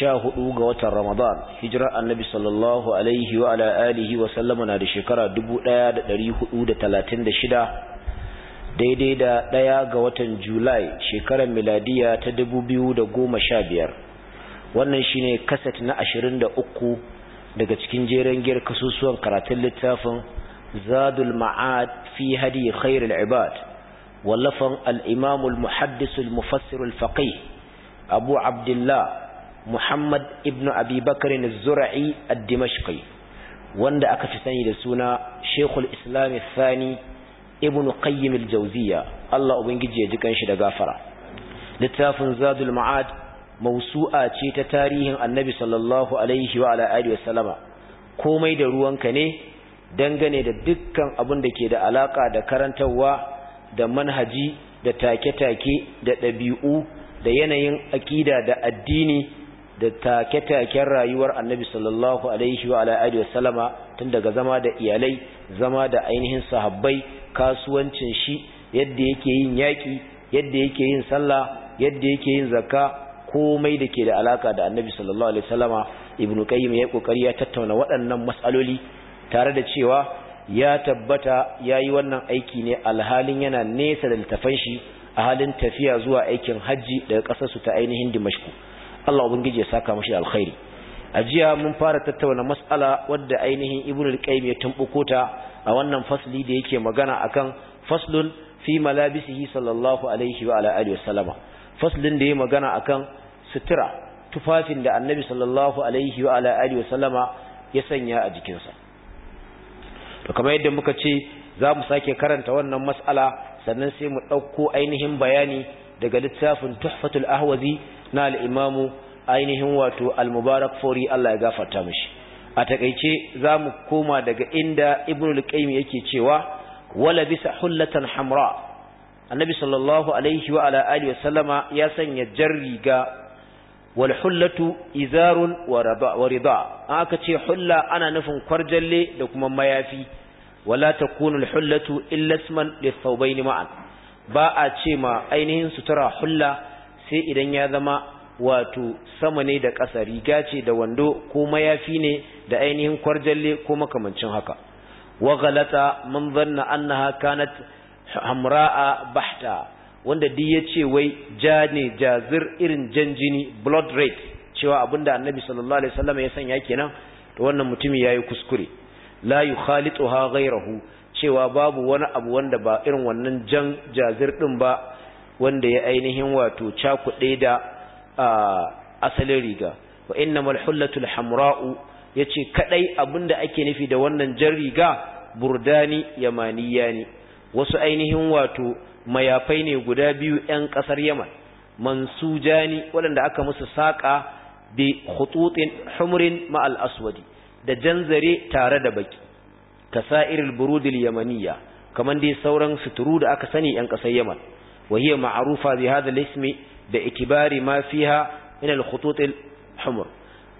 sha huɗu ga watan Ramadan hijirar annabi sallallahu alaihi wa ala alihi wa sallama na da shekara 1436 daidai da ɗaya ga watan Julai shekarar miladiya ta 2015 wannan shine kaset na 23 daga cikin jeren giyar kasusuwan karatun littafin Zadul Ma'ad fi hadi khairul ibad wallafan al imamul muhaddisul mufassirul faqih Abu Abdullah Muhammad ibn Abi Bakr az-Zura'i ad-Dimashqi wanda aka fi sani da suna Sheikhul Islam Thani Ibn Qayyim al-Jawziyya Allah ubangiji ya ji kanshi da gafara littafin Zadul Ma'ad mawsu'a ce ta tarihin Annabi sallallahu alaihi wa ala alihi wasallama komai da ruwanka ne dangane da dukkan abin da ke da alaka da karantarwa da manhaji da take-take da ɗabi'u da yanayin aƙida da addini da take-taken rayuwar annabi sallallahu alaihi wa ala'adu wa salama tun daga zama da iyalai zama da ainihin sahabbai kasuwancin shi yadda yake yin yaƙi yadda yake yin sallah yadda yake yin zakka komai da ke da alaka da annabi sallallahu alaihi wa salama ibnu qayyim ya kokari ya tattauna waɗannan matsaloli tare da cewa ya tabbata ya yi wannan aiki ne alhalin yana nesa da littafan shi a halin tafiya zuwa aikin hajji daga ƙasarsu ta ainihin dimashku Allah ubangiji ya saka mashi alkhairi a jiya mun fara tattauna mas'ala wadda ainihin ibnu al-qayyim ya tumbuko ta a wannan fasli da yake magana akan faslun fi malabisihi sallallahu alaihi wa ala alihi faslin da yake magana akan sutura tufafin da annabi sallallahu alaihi wa ala alihi ya sanya a jikinsa to kamar yadda muka ce za mu sake karanta wannan mas'ala sannan sai mu ɗauko ainihin bayani daga littafin tuhfatul ahwazi na al'imamu ainihin wato al-mubarak fori Allah ya gafarta mashi. a takaice za mu koma daga inda ibn al-qayyim yake cewa wala bisa hullatan hamra annabi sallallahu alaihi wa ala alihi wa sallama ya sanya jar riga wal hullatu izarun wa rida aka ce hulla ana nufin kwarjalle da kuma mayafi wala takunu al hullatu illa isman lithawbayn ma'an ba a ce ma ainihin sutura hulla sai idan ya zama wato sama ne da ƙasa riga ce da wando ko mayafi ne da ainihin kwarjalle ko makamancin haka wa galata man zanna annaha kanat hamra'a bahta wanda duk ya ce wai ja ne jazir irin jan jini blood red cewa abinda annabi sallallahu alaihi wasallam ya sanya kenan to wannan mutumi yayi kuskure la yukhalituha ghayrahu cewa babu wani abu wanda ba irin wannan jan jazir din ba wanda ya ainihin wato cakuɗe da asalin riga wa innamal hullatul hamra'u yace kadai abinda ake nufi da wannan jan riga burdani yamaniya ne wasu ainihin wato mayafai ne guda biyu 'yan ƙasar yaman mansujani waɗanda aka musu saƙa bi khututin humrin ma'al aswadi da Jan Zare tare da baki kasa'iril Burudin, yamaniya Kamar dai sauran suturu da aka sani 'yan ƙasar yaman وهي معروفة بهذا الاسم da ما فيها من الخطوط الحمر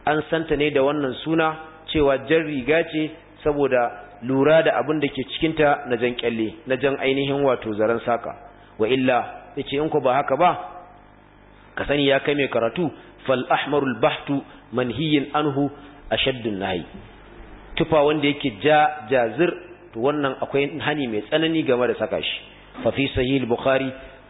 an santa ne da wannan suna cewa jan riga ce saboda lura da abin da ke cikinta na jan kyalle na jan ainihin wato zaren saka wa illa yace in ku ba haka ba Kasani ya kai mai karatu fal ahmarul bahtu manhiyin anhu ashaddun nahi tufa wanda yake ja jazir to wannan akwai hani mai tsanani game da saka shi fa fi sahih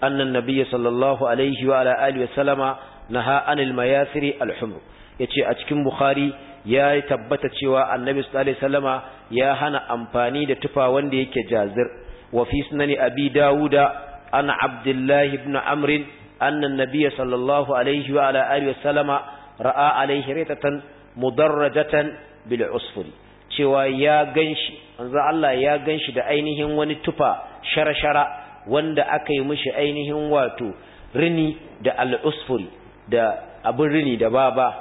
أن النبي صلى الله عليه وعلى آله وسلم نهى عن المياثر الحمر يتي أتكم بخاري ya tabbata cewa annabi sallallahu alaihi ya hana amfani da tufa wanda yake jazir wa fi sunani abi dauda an abdullahi ibn amr an-nabiy sallallahu alaihi wa ala alihi wasallama ra'a alaihi ritatan mudarrajatan bil usfur cewa ya ganshi manzo Allah ya ganshi da ainihin wani tufa shara. wanda aka yi mishi ainihin wato rini da al'usfuri da abin rini da baba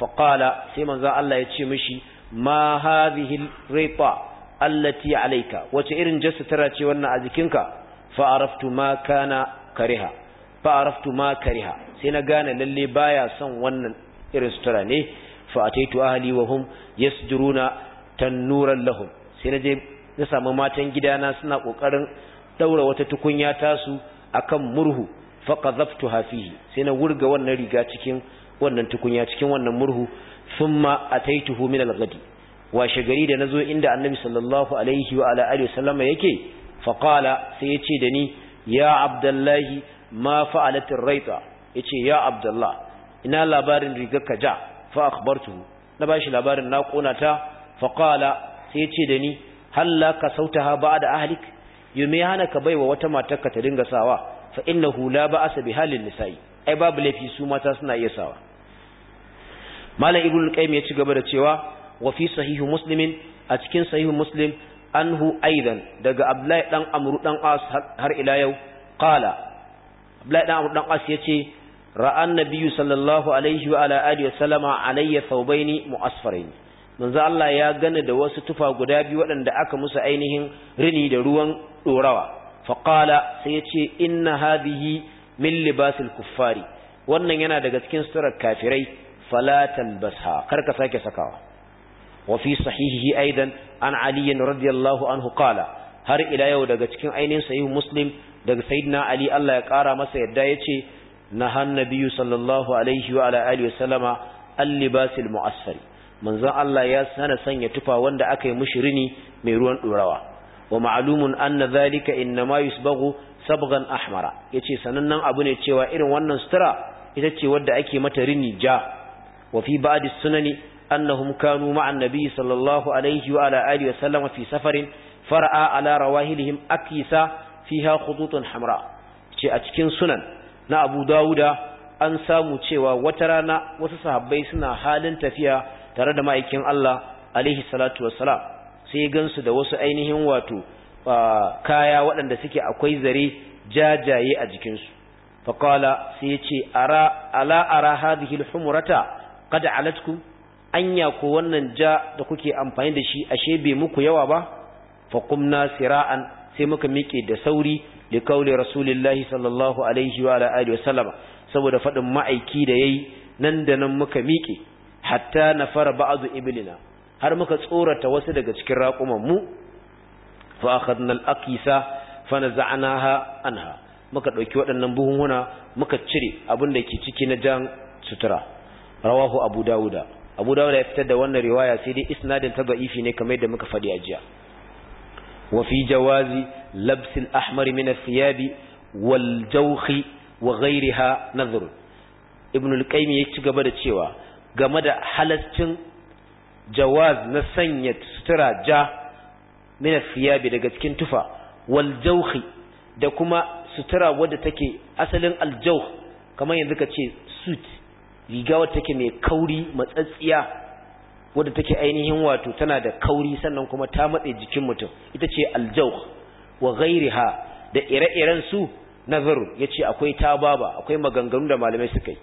faƙala sai manzan Allah ya ce mishi ma hadhihi rifa allati alaika wace irin tara ce wannan a jikinka fa’araftu ma kana kariha fa ma kariha sai na gane lalle baya son wannan irin sutura ne fa ahali wa hum yasduruna tannuran lahum sai na je na samu matan gidana suna ƙoƙarin daura wata tukunya tasu akan murhu faqadhabtuha fihi sai na wurga wannan riga cikin wannan tukunya cikin wannan murhu thumma ataituhu min al-ghadi washe gari da nazo inda annabi sallallahu alaihi wa ala alihi wasallama yake faqala sai yace da ni ya abdullahi ma fa'alat ar-raita yace ya abdullah ina labarin rigarka ja fa akhbartuhu na bashi labarin na kona ta faqala sai yace da ni hallaka sautaha ba'da ahlik yume hana ka baiwa wata matar ka ta dinga sawa fa innahu la ba'asa bi halin nisa'i ai babu laifi su mata suna iya sawa malam ibnu qayyim ya ci gaba da cewa wa fi sahihu muslimin a cikin sahihu muslim anhu aidan daga abdullahi dan amru dan as har ila yau qala abdullahi dan amru dan as yace ra'a annabiyyu sallallahu alaihi wa ala alihi wa sallama alayya thawbaini mu'asfaraini manzo Allah ya gane da wasu tufa guda biyu waɗanda aka musu ainihin rini da ruwan dorawa faqala sai yace inna hadhihi min libasil kuffari wannan yana daga cikin surar kafirai basha talbasha karka sake sakawa wa fi sahihihi aidan an ali radiyallahu anhu qala har ila yau daga cikin ainihin sahihu muslim daga sayyidina ali Allah ya kara masa yadda yace nahan nabiyyu sallallahu alaihi wa ala alihi wasallama al-libasil manzon Allah ya sana sanya tufa wanda aka yi mushi rini mai ruwan dorawa wa ma'lumun anna zalika mayus yusbaghu sabghan ahmara yace sanannan abu ne cewa irin wannan sutura ita ce wadda ake mata rini ja wa fi ba'd sunani annahum kanu ma'a sallallahu alaihi wa ala alihi wa sallama fi safarin far'a ala rawahilihim akisa fiha khudutun hamra ce a cikin sunan na Abu Dawuda an samu cewa wata rana wasu sahabbai suna halin tafiya tare da ma'aikin Allah alaihi salatu salam. sai gansu da wasu ainihin wato kaya waɗanda suke akwai zare jajaye a jikinsu faƙala sai ya ce ala ara hadhihi alhumrata kada alatkum anya ko wannan ja da kuke amfani da shi ashe bai muku yawa ba faqumna sira'an sai muka miƙe da sauri li kauli rasulillahi sallallahu alaihi wa ala wa salama saboda faɗin ma'aiki da yayi nan da nan muka miƙe hatta na fara ba'azu Ibilina. har muka tsorata wasu daga cikin raƙuman mu fa akhadna al-aqisa fa naza'naha anha muka dauki waɗannan buhunhuna muka cire abin da ke ciki na jan sutura rawahu abu dauda abu dauda ya fitar da wannan riwaya sai dai isnadin ta da'ifi ne kamar yadda muka fadi a jiya wa fi jawazi labs al-ahmar min al thiyab wal jawkh wa ghayriha nadhr ibn al-qayyim ya ci gaba da cewa game da halaccin jawaz na sanya sutura ja mina fiyabi daga cikin tufa wal jawhi da kuma sutura wadda take asalin jawh kamar yanzu ka ce suit riga wadda take mai kauri matsatsiya wadda take ainihin wato tana da kauri sannan kuma ta matse jikin mutum ita ce jawh wa ghairiha da ire-iren su nazar yace akwai tababa akwai maganganu da malamai suka yi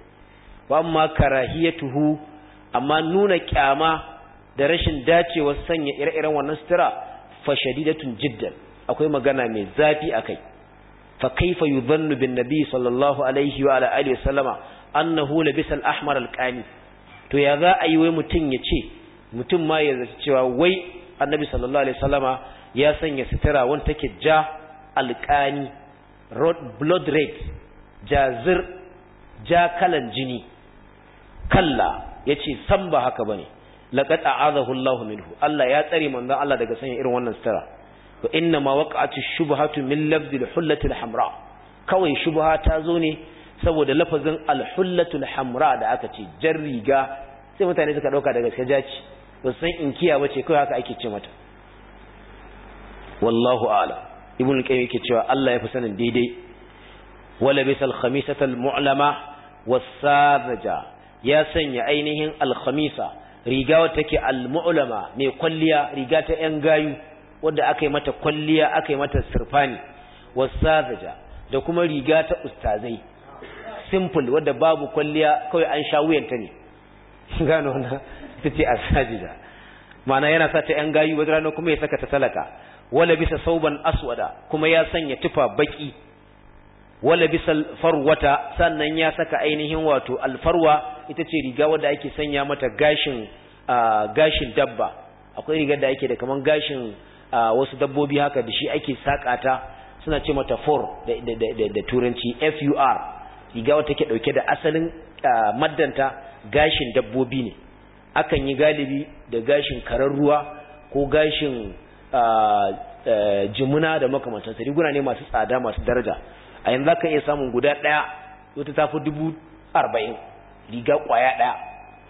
wa amma karahiyatuhu amma nuna kyama da rashin dacewar sanya ire-iren wannan sutura fa shadidatun jiddan akwai magana mai zafi akai fa kaifa yudhannu bin nabi sallallahu alaihi wa alihi sallama, annahu labisa al-ahmar al-qani to ya za a yi wai mutun ya ce mutun ma ya zaci cewa wai annabi sallallahu alaihi wasallama ya sanya sutura wanda take ja al-qani rod blood red jazir ja kalan jini kalla yace san ba haka bane laqad a'adahu Allahu minhu Allah ya tsare manzon Allah daga sanya irin wannan sutura wa inna ma waqa'at ash-shubhatu min lafzi al-hullati al-hamra kawai shubha ta zo ne saboda lafazin al-hullatu al-hamra da aka ce jar riga sai mutane suka dauka daga gaske jaci ba san inkiya bace kai haka ake ce mata wallahu a'lam ibn al-qayyim yake cewa Allah ya fi sanin daidai wala bisal khamisata al-mu'lama was-sadja ya sanya ainihin al-khamisa riga take almu'lama mai kwalliya riga ta yan gayu wadda aka yi mata kwalliya aka yi mata sirfani wasazaja da kuma riga ta ustazai simple wadda babu kwalliya kawai an sha wuyanta ne gano na tace asajida ma'ana yana sa ta yan gayu wajen rana kuma ya saka ta talaka wala bisa sauban aswada kuma ya sanya tufa baki wala bisal farwata sannan ya saka ainihin wato alfarwa ita ce riga wadda ake sanya mata gashin gashin dabba akwai rigar da ake da kaman gashin wasu dabbobi haka da shi ake sakata suna ce mata for da turanci fur riga wata ke dauke da asalin maddanta gashin dabbobi ne akan yi galibi da gashin karar ruwa ko gashin jimuna da makamantansa riguna ne masu tsada masu daraja a yanzu ka iya samun guda ɗaya ta tafi dubu arba'in riga kwaya ɗaya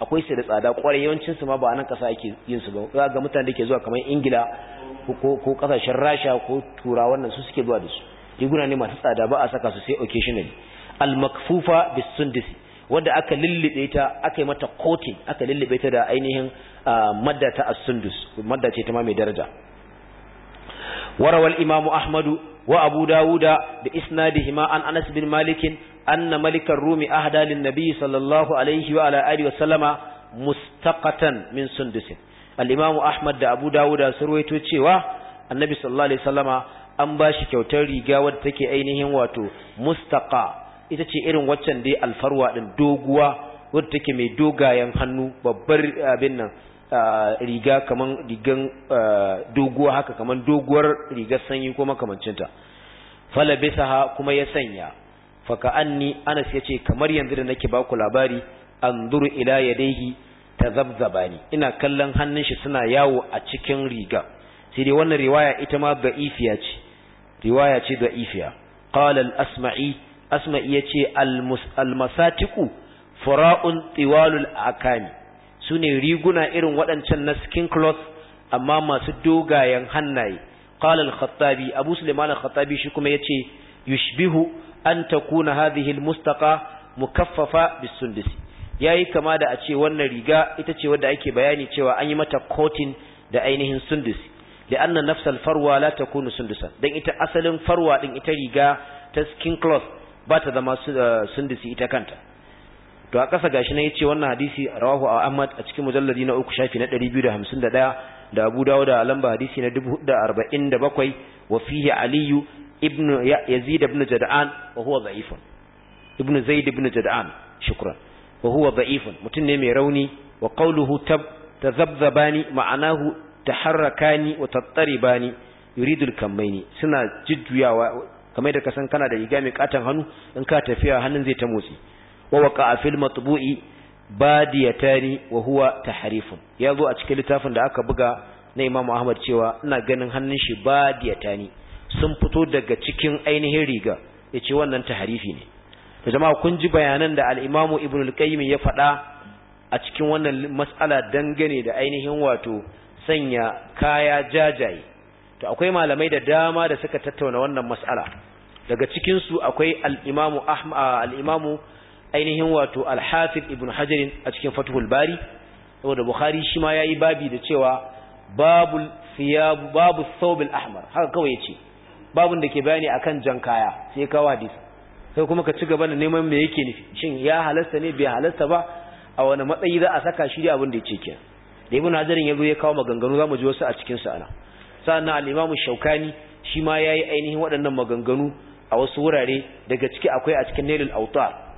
akwai sai da tsada ƙwarai yawancin su ma ba a nan ƙasa ake yin su ba za ga mutane da ke zuwa kamar ingila ko ƙasashen rasha ko turawa wannan su suke zuwa da su riguna ne masu tsada ba a saka su sai occasionally al-makfufa bis sundis wanda aka lullube ta aka yi mata coating aka lullube ta da ainihin ah, madda ta as-sundus madda ce ta ma mai daraja warawal imamu ahmadu wa abu dawuda da isnadihima an anas bin malikin anna malikan rumi ahda lin nabi sallallahu alaihi wa ala alihi wa sallama mustaqatan min sundusin al-imam ahmad da abu dawuda sun ruwaito cewa annabi sallallahu alaihi wasallama an bashi kyautar riga wadda take ainihin wato mustaqa ita ce irin waccan dai alfarwa din doguwa wadda take mai dogayen hannu babbar abin nan riga kaman rigan doguwa haka kaman doguwar rigar sanyi ko makamancinta falabisaha kuma ya sanya faka anni anas yace kamar yanzu da nake baku labari anzuru ila zabzaba tazabzabani ina kallon hannun shi suna yawo a cikin riga sai dai wannan riwaya ita ma ifiya ce riwaya ce ifiya qala al-asma'i asma'i yace al-masatiqu fara'un tiwalul akami su ne riguna irin waɗancan na skin cloth amma masu dogayen hannaye qala al-khattabi abu sulaiman al-khattabi shi kuma yace yushbihu an takuna hadhihi al-mustaqa mukaffafa bis yayi kama da a ce wannan riga ita ce wadda ake bayani cewa an yi mata coating da ainihin sundusi li'anna nafsal farwa la takunu sundusan dan ita asalin farwa din ita riga ta skin cloth ba ta zama eh, sundusi ita kanta to a ƙasa gashi na ya ce wannan hadisi rawahu a Ahmad a cikin mujalladi na uku shafi na 251 da Abu dawo da lamba hadisi na 447 wa fihi Ali ibn Yazid ibn Jad'an wa huwa da'ifun ibn Zaid ibn Jad'an shukran wa huwa da'ifun mutun ne mai rauni wa qawluhu tab tazabzabani ma'anahu taharrakani wa tattaribani yuridu al-kammaini suna jujjuyawa kamar da kasan kana da riga mai katan hannu in ka tafiya hannun zai ta motsi wa a fil matbu'i tari wa huwa ya zo a cikin littafin da aka buga na Imam Ahmad cewa ina ganin hannun shi badiyatani sun fito daga cikin ainihin riga yace wannan harifi ne to jama'a kun ji bayanan da alimamu Ibn al ya faɗa a cikin wannan mas'ala dangane da ainihin wato sanya kaya jajaye to akwai malamai da dama da suka tattauna wannan mas'ala daga cikin su akwai al ainihin wato al-hafiz ibn hajar a cikin fathul bari saboda bukhari shi ma yayi babi da cewa babul babu thawb al-ahmar haka kawai yace babun da ke bayani akan jan kaya sai kawo hadisi sai kuma ka ci gaba da neman me yake nufi shin ya halasta ne bai halasta ba a wani matsayi za a saka shi abin da yake ke da ibn hajar ya zo ya kawo maganganu zamu ji wasu a cikin sa ana sannan al-imam shaukani shi ma yayi ainihin waɗannan maganganu a wasu wurare daga ciki akwai a cikin nailul autar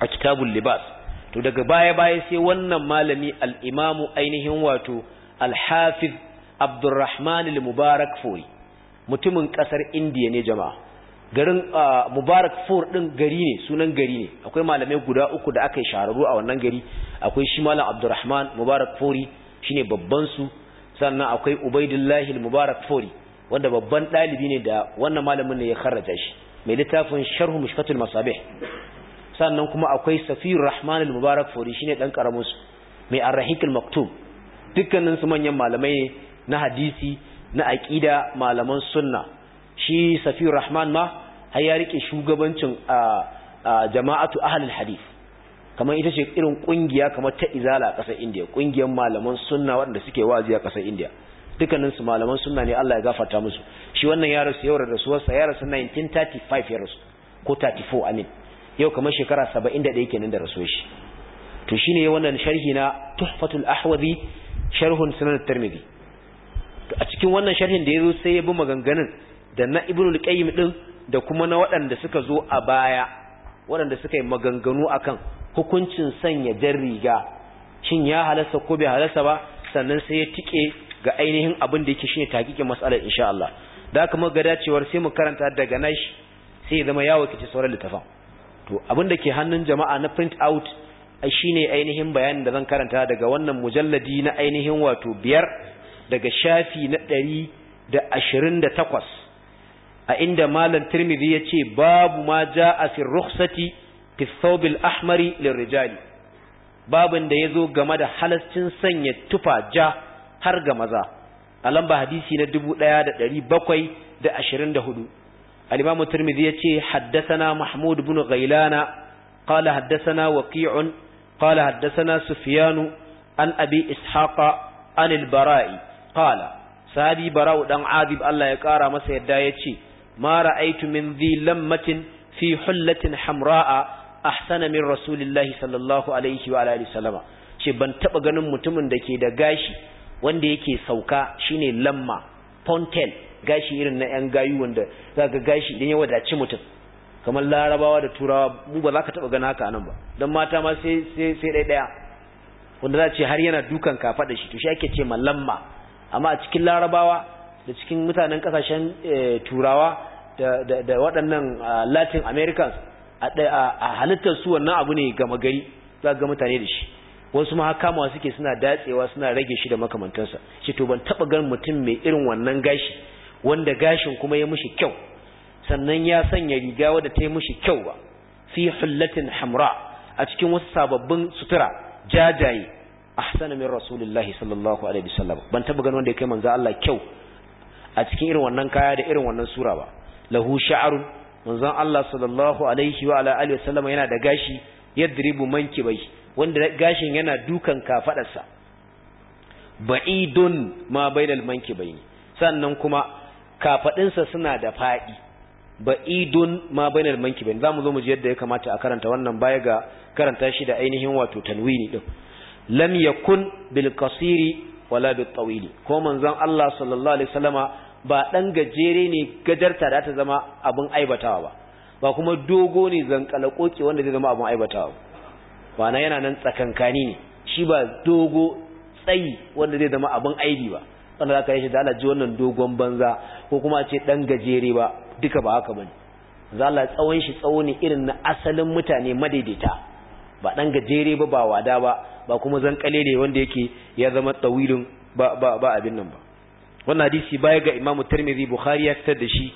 a kitabun libas to daga baya baya sai wannan malami al-imamu ainihin wato alhafiz hafiz Abdurrahman al-Mubarak Fori mutumin kasar Indiya ne jama'a garin Mubarak Fori din gari ne sunan gari ne akwai malamai guda uku da aka yi shahararru a wannan gari akwai shi malam Abdurrahman Mubarak Fori shine babbansu sannan akwai Ubaidullahi al-Mubarak Fori wanda babban ɗalibi ne da wannan malamin ne ya kharraja shi mai littafin Sharh Mushkatul Masabih sannan kuma akwai Safiru rahman al-mubarak fori shine dan karamin su mai ar-rahiq al dukkanin su manyan malamai ne na hadisi na aqida malaman sunna shi Safiru rahman ma har ya rike shugabancin jama'atu ahlul hadith kamar ita ce irin kungiya kamar ta izala a kasar India, kungiyar malaman sunna waɗanda suke wazi a kasar indiya dukkanin su malaman sunna ne Allah ya gafarta musu shi wannan ya rasu yawar rasuwarsa ya rasu 1935 ya rasu ko 34 amin yau kamar shekara saba'in ɗaya kenan da raso shi to shine wannan sharhi na tuhfatul ahwazi sharhun sunan to a cikin wannan sharhin da ya zo sai ya bi maganganun da na ibnu al-qayyim din da kuma na waɗanda suka zo a baya waɗanda suka yi maganganu akan hukuncin sanya jar riga shin ya halasta ko bai halasta ba sannan sai ya tike ga ainihin abin da yake shine tahqiqin mas'alar insha Allah da kuma gada dacewar sai mu karanta daga nashi sai ya zama ya wakilci sauran littafin to abin da ke hannun jama'a na print out shi ne ainihin bayanin da zan karanta daga wannan mujalladi na ainihin wato biyar daga shafi na ɗari da ashirin da takwas a inda malam turmizi ya ce babu ma ja a firruksati rukhsati ahmari lirrijali babin da ya zo game da halascin sanya tufa ja har ga maza a lamba hadisi na dubu ɗaya da ɗari bakwai da ashirin da hudu الإمام الترمذي حدثنا محمود بن غيلان قال حدثنا وقيع قال حدثنا سفيان عن أبي إسحاق عن البراء قال sahabi bara'u dan azib Allah ya kara masa yadda ya ce ma ra'aitu min dhi lammatin fi hullatin hamra'a ahsana min rasulillahi sallallahu alaihi wa alihi sallama ce ban taba ganin mutumin da ke da gashi wanda yake sauka shine lamma pontel gashi irin na yan gayu wanda za ka gashi idan ya wadaci mutum kamar larabawa da turawa mu ba za ka taba gana haka anan ba dan mata ma sai sai sai dai daya wanda za ce har yana dukan kafa da shi to shi ake ce mallamma amma a cikin larabawa da cikin mutanen kasashen eh, turawa da waɗannan latin americans a halittar su wannan abu ne gama gari za ga mutane da shi wasu ma kamawa suke suna datsewa suna rage shi da makamantansa shi to ban taba gan mutum mai irin wannan gashi wanda gashin kuma ya mushi kyau sannan ya sanya riga wadda ta yi mushi kyau ba fi hullatin hamra a cikin wasu sababbin sutura jajaye ahsana min rasulullahi sallallahu alaihi wasallam ban taba ganin wanda ya kai manzo Allah kyau a cikin irin wannan kaya da irin wannan sura ba lahu sha'arun manzon Allah sallallahu alaihi wa ala alihi wasallam yana da gashi yadribu mankibai wanda gashin yana dukan kafadarsa ba'idun ma bainal mankibai sannan kuma Kafadinsa suna da faɗi ba idun ma bainar manki bayan zamu zo mu ji yadda ya kamata a karanta wannan baya ga karanta shi da ainihin wato tanwini din lam yakun bil qasiri wala bil tawili ko manzon Allah sallallahu alaihi wasallama ba dan gajere ne gajarta da ta zama abin aibatawa ba ba kuma dogo ne zankalakoki wanda zai zama abin aibatawa ba na yana nan tsakankani ne shi ba dogo tsayi wanda zai zama abin aibi ba wanda za ka yi shi da alaji wannan dogon banza ko kuma ce ɗan gajere ba duka ba haka bane za la tsawon shi tsawo ne irin na asalin mutane madaidaita ba ɗan gajere ba ba wada ba ba kuma zan ne wanda yake ya zama tsawilin ba abin nan ba wannan hadisi baya ga imamu Tirmidhi Bukhari ya fitar da shi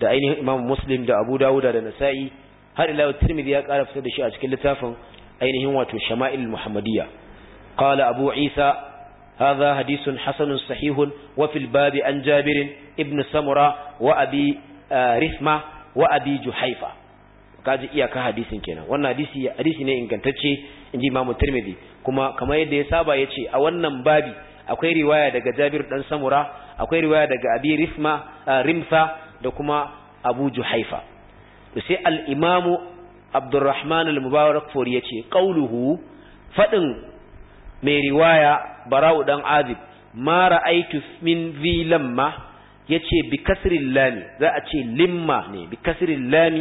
da ainihin Imam Muslim da Abu dawuda da Nasa'i har ila Tirmidhi ya kara fitar da shi a cikin littafin ainihin wato Shama'il Muhammadiyya qala Abu Isa هذا حديث حسن صحيح وفي الباب عن جابر ابن سمرة وأبي رثمة وأبي جحيفة kaji iyaka hadisin kenan wannan hadisi hadisi ne ingantacce inji Imam Tirmidhi kuma kamar yadda ya saba yace a wannan babi akwai riwaya daga Jabir dan Samura akwai riwaya daga Abi Rifma Rimsa da kuma Abu Juhaifa to sai al-Imam Abdurrahman al-Mubarak Fori yace qauluhu fadin mai riwaya bara'u dan azib ma ra'aytu min zi lamma yace bi kasril lam za a ce limma ne bi kasril lam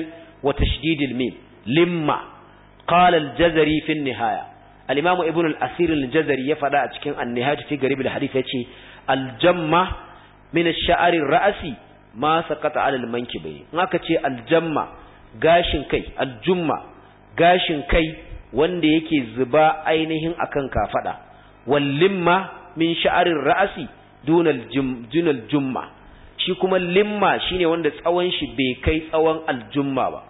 wa tashdidil mim limma qala al-jazari fi nihaya al-imam ibn al-asir al-jazari ya fada a cikin an-nihaya fi garib al-hadith yace al-jamma min al shar al rasi ma saqata al-mankibi in aka ce al-jamma gashin kai al-jumma gashin kai wanda yake zuba ainihin akan kafada wallimma min sha'arin ra'asi dunal jumma shi kuma limma shine wanda tsawon shi bai kai tsawon aljumma ba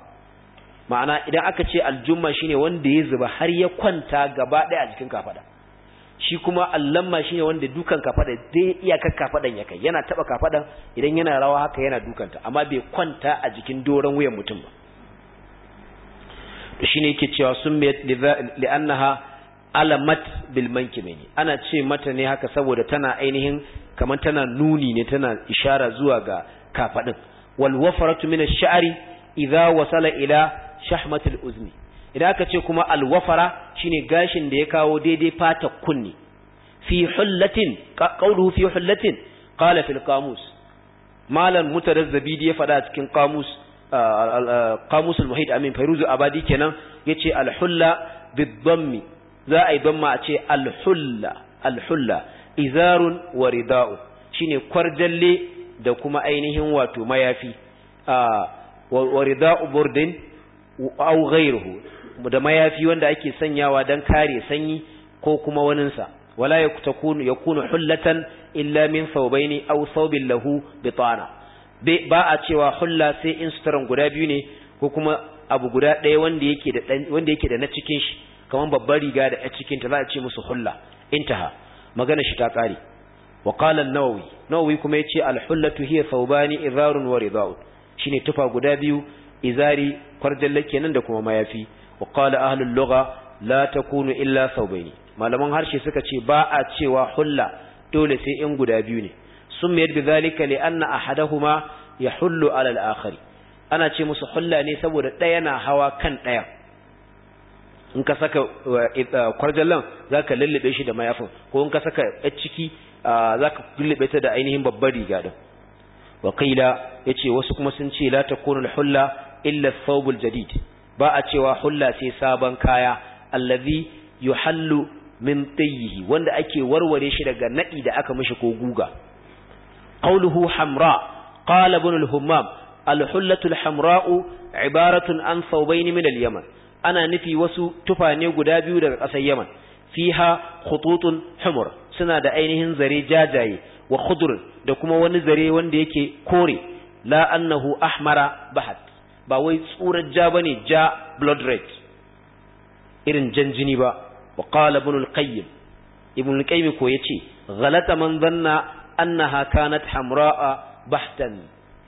ma'ana idan aka ce aljumma shine wanda ya zuba har ya kwanta gaba ɗaya a jikin kafada shi kuma allamma shine wanda dukan kafada iya iyakar kafadan ya kai yana taba kafadan idan yana rawa haka yana dukanta amma bai kwanta a jikin doron wuyan mutum ba shine yake cewa sun mai li'annaha alamat bil mankibini ana ce mata ne haka saboda tana ainihin kamar tana nuni ne tana ishara zuwa ga kafadin wal wafaratu min ash-sha'ri idha wasala ila shahmat al-uzni idan aka ce kuma al wafara shine gashin da ya kawo daidai fata kunni fi hullatin qawluhu fi hullatin qala fil qamus malam mutarazzabidi ya fada cikin qamus qamus al-muhit amin fayruzu abadi kenan yace al hulla bid-dammi za a yi ma a ce alhulla alhulla izarun wa rida'u shine kwarjalle da kuma ainihin wato mayafi a wa rida'u burdin au ghairuhu da mayafi wanda ake sanyawa dan kare sanyi ko kuma waninsa wala ya yakunu hullatan illa min ne au saubin lahu bitana ba a cewa hulla sai in suturan guda biyu ne ko kuma abu guda ɗaya wanda yake da na cikin shi kaman babbar riga da ƴar cikinta za a ce musu hulla intaha magana shi ta kare wa qala an-nawawi nawawi kuma yace al-hullatu hiya thawbani izarun wa ridaun shine tufa guda biyu izari kwarjalla kenan da kuma mayafi wa qala ahlul lugha la takunu illa thawbaini malaman harshe suka ce ba a cewa hulla dole sai in guda biyu ne summiyat bi zalika li anna ahaduhuma yahullu ala al-akhari ana ce musu hulla ne saboda ɗaya na hawa kan ɗaya in ka saka eh, kwarjallan za ka lullube shi da mayafin ko in ka saka yar ciki ah, za ka lullube ta da ainihin babbar riga din wakila ya ce wasu kuma sun ce la ta hulla illa saubul jadid ba a cewa hulla sai sabon kaya allazi yuhallu min tayyihi wanda ake warware shi daga nadi da aka mishi ko guga qawluhu hamra qala ibn al-hammam al-hullatu al-hamra'u ibaratun an thawbayn min al-yaman ana nufi wasu tufane guda biyu daga ƙasar Yaman fiha khututun humur suna da ainihin zare jajaye wa khudur da kuma wani zare wanda yake kore la annahu ahmara bahat ba wai tsurar ja bane ja blood red irin jan jini ba wa qala ibn al-qayyim ibn al-qayyim ko yace ghalata man dhanna annaha kanat hamra'a bahtan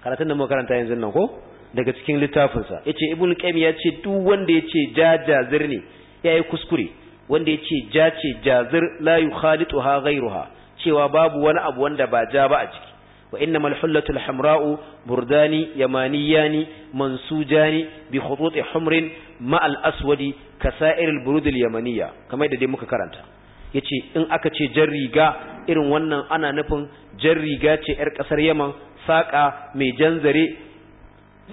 karatun da karanta yanzu nan ko daga cikin littafinsa yace ibn qayyim ya ce duk wanda yace ja jazir ne yayi kuskure wanda yace ja ce jazir la yukhalituha ghayruha cewa babu wani abu wanda ba ja ba a ciki wa innamal hullatul hamra'u burdani yamaniyani mansujani bi khututi humrin ma al aswadi kasairil burud al yamaniya kamar da dai muka karanta yace in aka ce jan riga irin wannan ana nufin jan riga ce yar kasar yaman saƙa mai jan zare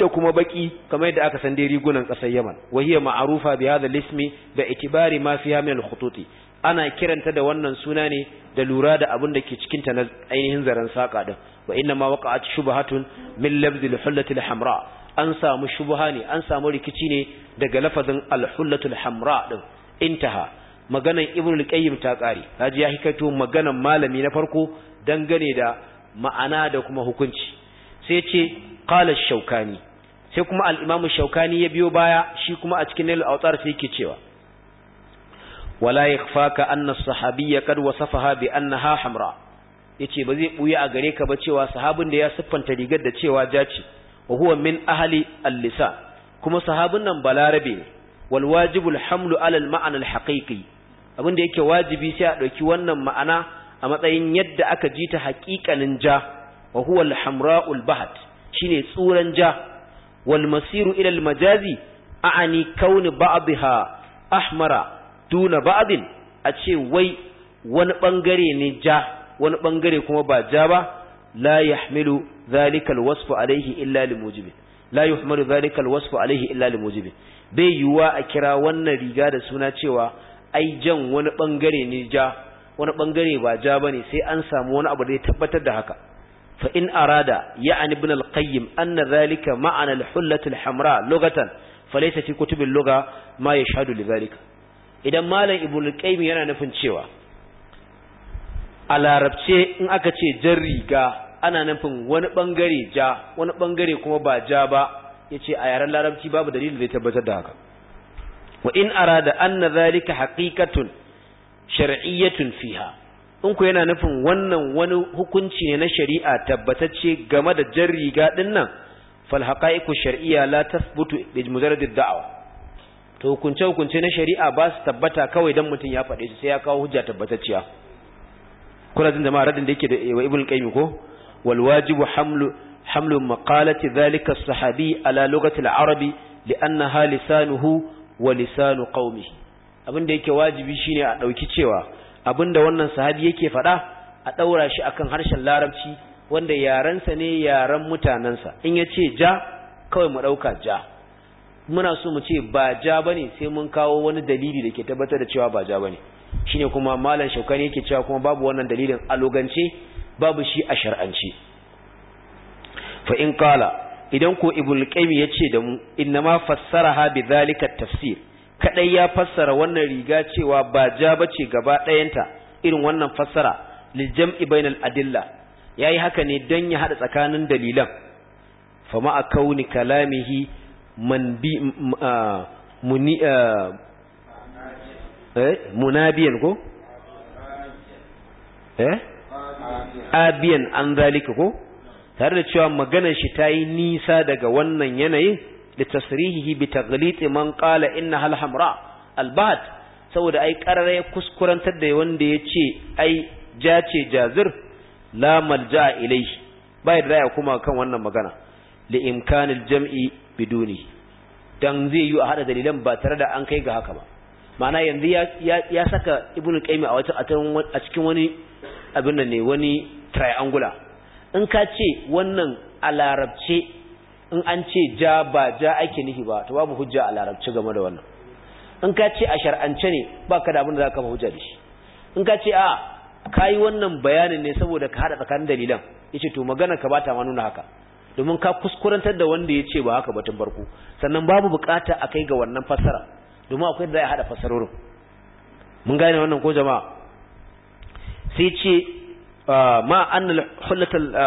da kuma baki kamar yadda aka san dai rigunan ƙasar Yaman wahiya ma'arufa ma'rufa bi hadha ismi bi itibari ma fiha min al-khututi ana kiranta da wannan suna ne da lura da abin da ke cikin ta na ainihin zaren saka din wa inna ma waqa'at shubhatun min labd al-hullati al-hamra an samu shubha ne an samu rikici ne daga lafazin al-hullatu al-hamra din intaha maganan ibnu al-qayyim ta kare haji ya hikato maganan malami na farko dangane da ma'ana da kuma hukunci sai ce qala ash-shawkani sai kuma al shaukani ya biyo baya shi kuma a cikin nail autar sai yake cewa wala yakhfaka anna ya sahabiyya qad wasafaha bi annaha hamra yace ba zai buya a gare ka ba cewa sahabin da ya siffanta rigar da cewa jaci wa huwa min ahli allisa. kuma sahabin nan balarabe ne wal wajibul hamlu alal ma'anar hakiki. al-haqiqi abinda yake wajibi sai a dauki wannan ma'ana a matsayin yadda aka ji ta haƙiƙanin ja wa huwa al-hamra'ul bahat shine tsuran ja wal masiru ila al majazi a'ani kauni ba'dha ahmara duna ba'din a ce wai wani bangare ne ja wani bangare kuma ba ja ba la yahmilu dhalika al wasfu alayhi illa li mujibin la yuhmalu dhalika al wasfu alayhi illa li mujibin bai yuwa a kira wannan riga da suna cewa ai jan wani bangare ne ja wani bangare ba ja ne sai an samu wani abu da ya tabbatar da haka فإن أراد يعني ابن القيم أن ذلك معنى الحلة الحمراء لغة فليس في كتب اللغة ما يشهد لذلك إذا مالا ابن القيم ينا نفن شوى على ربشي إن أكتشي جري غا ana nufin wani bangare ja wani bangare kuma ba ja ba yace a yaren larabci babu dalilin da ya tabbatar da haka wa in arada anna zalika shar'iyyatun fiha in ku yana nufin wannan wani hukunci ne na shari'a tabbatacce game da jan riga din nan fal haqa'iqu shar'iyya la tasbutu bi mujarrad dawa to hukunce hukunce na shari'a ba su tabbata kawai dan mutum ya faɗe su sai ya kawo hujja tabbatacciya kuna jin jama'a radin da yake da wa ibn qayyim ko wal wajibu hamlu hamlu maqalati dhalika sahabi ala lughati al-arabi li'annaha lisanuhu wa lisanu qaumihi abin da yake wajibi shine a dauki cewa abinda wannan sahabi yake faɗa a ɗaura shi akan harshen larabci wanda yarensa ne yaren mutanensa in yace ja kawai mu ɗauka ja muna so mu ce ba ja ba ne sai mun kawo wani dalili da ke tabbatar da cewa ba ja ba ne shine kuma malam shaukani yake cewa kuma babu wannan dalilin a logance babu shi a shar'ance fa in kala idan ko ibul qayyim yace da mu inna ma fassaraha bi zalika tafsir Kaɗai ya fassara wannan riga cewa ba ja bace gaba ɗayanta irin wannan fassara lil jam'i bainal adilla yayi haka ne don ya haɗa tsakanin dalilan fama a kauni kalamihi muni eh, munabiyan ko eh? abiyan an zalika ko tare da cewa maganar shi ta yi nisa daga wannan yanayin litasrihihi bi taghliti man qala inna hal hamra albahat saboda ai qarare ya da wanda ya ce ai ja ce jazir la malja ilayhi bai da kuma kan wannan magana li imkanil jam'i biduni dan zai yiwu a hada dalilan ba tare da an kai ga haka ba ma'ana yanzu ya saka ibnu qayyim a wata a cikin wani abin nan ne wani triangular in ka ce wannan a larabce in an ce ja ba ja ake nufi ba to babu hujja a larabci game da wannan in ka ce a shar'ance ne ba baka da abin da zaka hujja da shi in ka ce a yi wannan bayanin ne saboda ka hada tsakanin dalilan yace to magana ka bata ma nuna haka domin ka kuskurantar da wanda ya ce ba haka batun barko sannan babu bukata a kai ga wannan fassara domin akwai da za a hada fassarorin mun gane wannan ko jama'a sai ce ma anna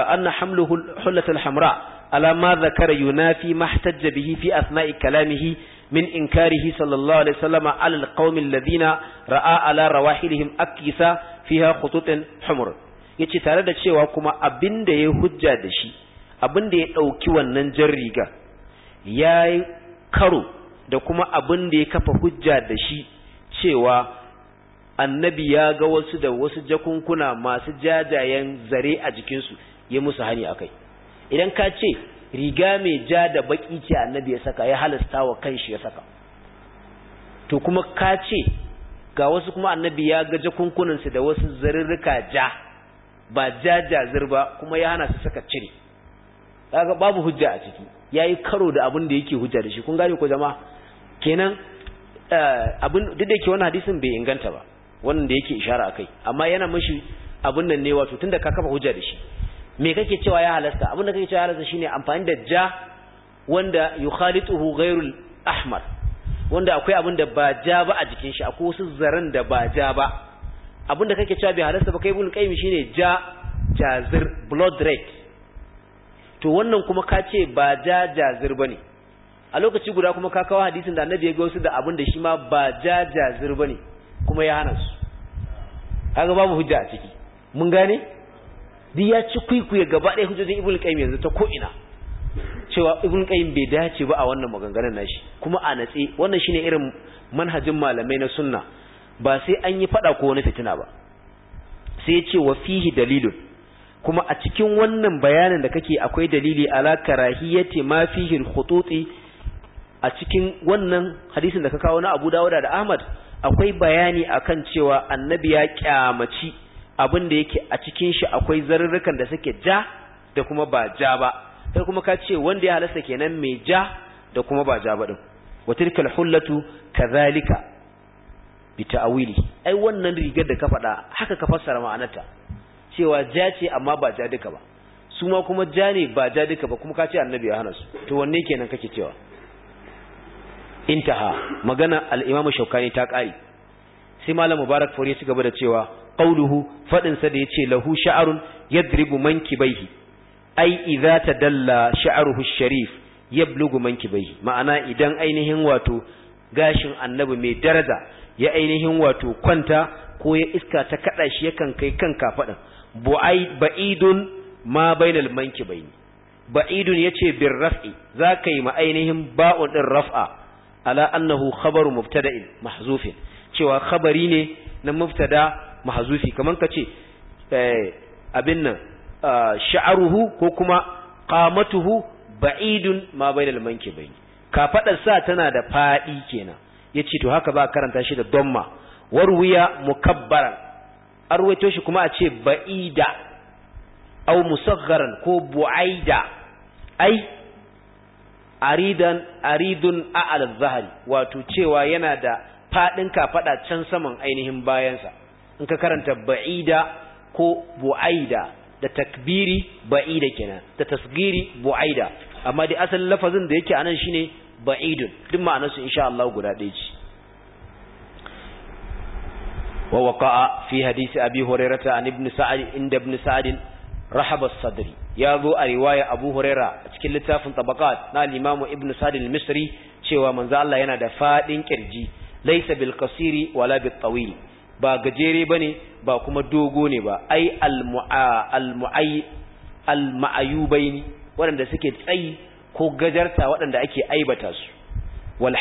anna hamluhu hulatul hamra ala ma zakara yunafi mahtajja bihi fi asna'i kalamihi min inkarihi sallallahu alaihi wasallam ala alqawmi alladhina ra'a ala rawahilihim akisa fiha khututun humur yace tare da cewa kuma abinda ya hujja da shi abinda ya dauki wannan jan riga yayi karo da kuma abinda ya kafa hujja da shi cewa annabi ya ga wasu da wasu jakunkuna masu jajayen zare a jikinsu ya musu hani a kai. idan ka ce riga mai ja da baki ce annabi ya saka ya halasta wa kanshi ya saka to kuma ka ce ga wasu kuma annabi ya gaje kunkunansu da wasu zarurruka ja ba ja jazir ba kuma ya hana su saka cire kaga babu hujja a ciki yayi karo da abin da yake hujja da shi kun gane ko jama'a kenan eh, abin duk da yake wannan hadisin bai inganta ba wannan da yake ishara akai amma yana mishi abin nan ne wato tunda ka kafa hujja da shi me kake cewa ya halasta abin kake cewa ya halasta shine amfani da ja wanda yukhalituhu ghairul ahmar wanda akwai abin da ba ja ba a jikin shi akwai wasu zaren da ba ja ba abin kake cewa bai halasta ba kai bul shine ja jazir blood red to wannan kuma ka ce ba ja jazir bane a lokaci guda kuma ka kawo hadisin da annabi ya ga wasu da abin da shi ma ba ja jazir bane kuma ya hana su kaga babu hujja a ciki mun gane duk ya ci kwikwiye gaba ɗaya hujjojin ibn qayyim yanzu ta ko ina cewa ibn qayyim bai dace ba a wannan maganganun nashi kuma a natse wannan shine irin manhajin malamai na sunna ba sai an yi fada ko wani fitina ba sai ce wa fihi dalilun kuma a cikin wannan bayanin da kake akwai dalili ala karahiyati ma fihi al-khututi a cikin wannan hadisin da ka kawo na Abu Dawud da Ahmad akwai bayani akan cewa annabi ya kyamaci abin da yake a cikin shi akwai zarurrukan da suke ja da kuma ba ja ba sai kuma ka ce wanda ya halasta kenan mai ja da kuma ba ja ba din wa tilkal hullatu kadhalika bi ta'wili ai wannan rigar da ka faɗa haka ka fassara ma'anarta cewa ja ce amma ba ja duka ba su ma kuma ja ne ba ja duka ba kuma ka ce annabi ya hana to wanne kenan kake cewa intaha magana al-imamu shaukani ta kare sai malam mubarak fure su gaba da cewa qawluhu fadin sa da yace lahu sha'arun yadribu mankibaihi ai idza tadalla sha'ruhu sharif yablugu mankibaihi ma'ana idan ainihin wato gashin annabi mai daraja ya ainihin wato kwanta ko ya iska ta kada shi yakan kai kan kafadan bu'ai ba'idun ma bainal mankibaini ba'idun yace bir raf'i zaka yi ma ainihin ba'un din raf'a ala annahu khabaru mubtada'in mahzufin cewa khabari ne na mubtada mahazufi kaman kace eh abin nan sha'aruhu ko kuma qamatuhu ba'idun ma bainal mankibayn kafadar sa tana da faɗi kenan ya ce to haka ba karanta shi da damma warwiya mukabbaran arwaito shi kuma a ce ba'ida aw musaggaran ko bu'aida ai aridan aridun a'al zahari wato cewa yana da faɗin kafaɗa can saman ainihin bayansa in ka karanta ba'ida ko bu'aida da takbiri ba'ida kenan da tasgiri bu'aida amma da asalin lafazin da yake anan shine ba'idun duk ma'anar su insha Allah guda ɗaya ce wa waqa'a fi hadisi abi hurairata an ibn sa'ad inda ibn sa'ad rahaba sadri ya zo a riwaya abu huraira a cikin littafin tabaqat na al-imam ibn al-misri cewa manzo Allah yana da fadin kirji laysa bil qasiri wala bit tawil ba gajere ne ba kuma dogo ne ba ai al-mu'ayyubaini waɗanda suke tsayi ko gajarta waɗanda ake aibata su wal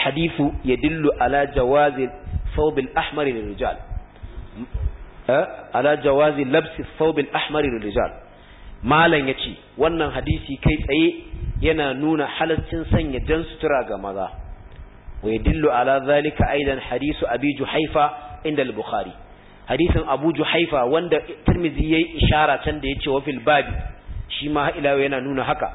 ya dillu ala jawazi thawb Ahmad ahmar eh, ala jawazi labs thawb al-ahmar lirijal malan yace wannan hadisi kai tsaye yana nuna halaccin sanya jan sutura ga maza Ala على ذلك أيضا hadisu Abiju Haifa? inda al-bukhari hadisin abu juhaifa wanda tirmidhi yayi ishara can da yace wa fil babi shi ma ila yana nuna haka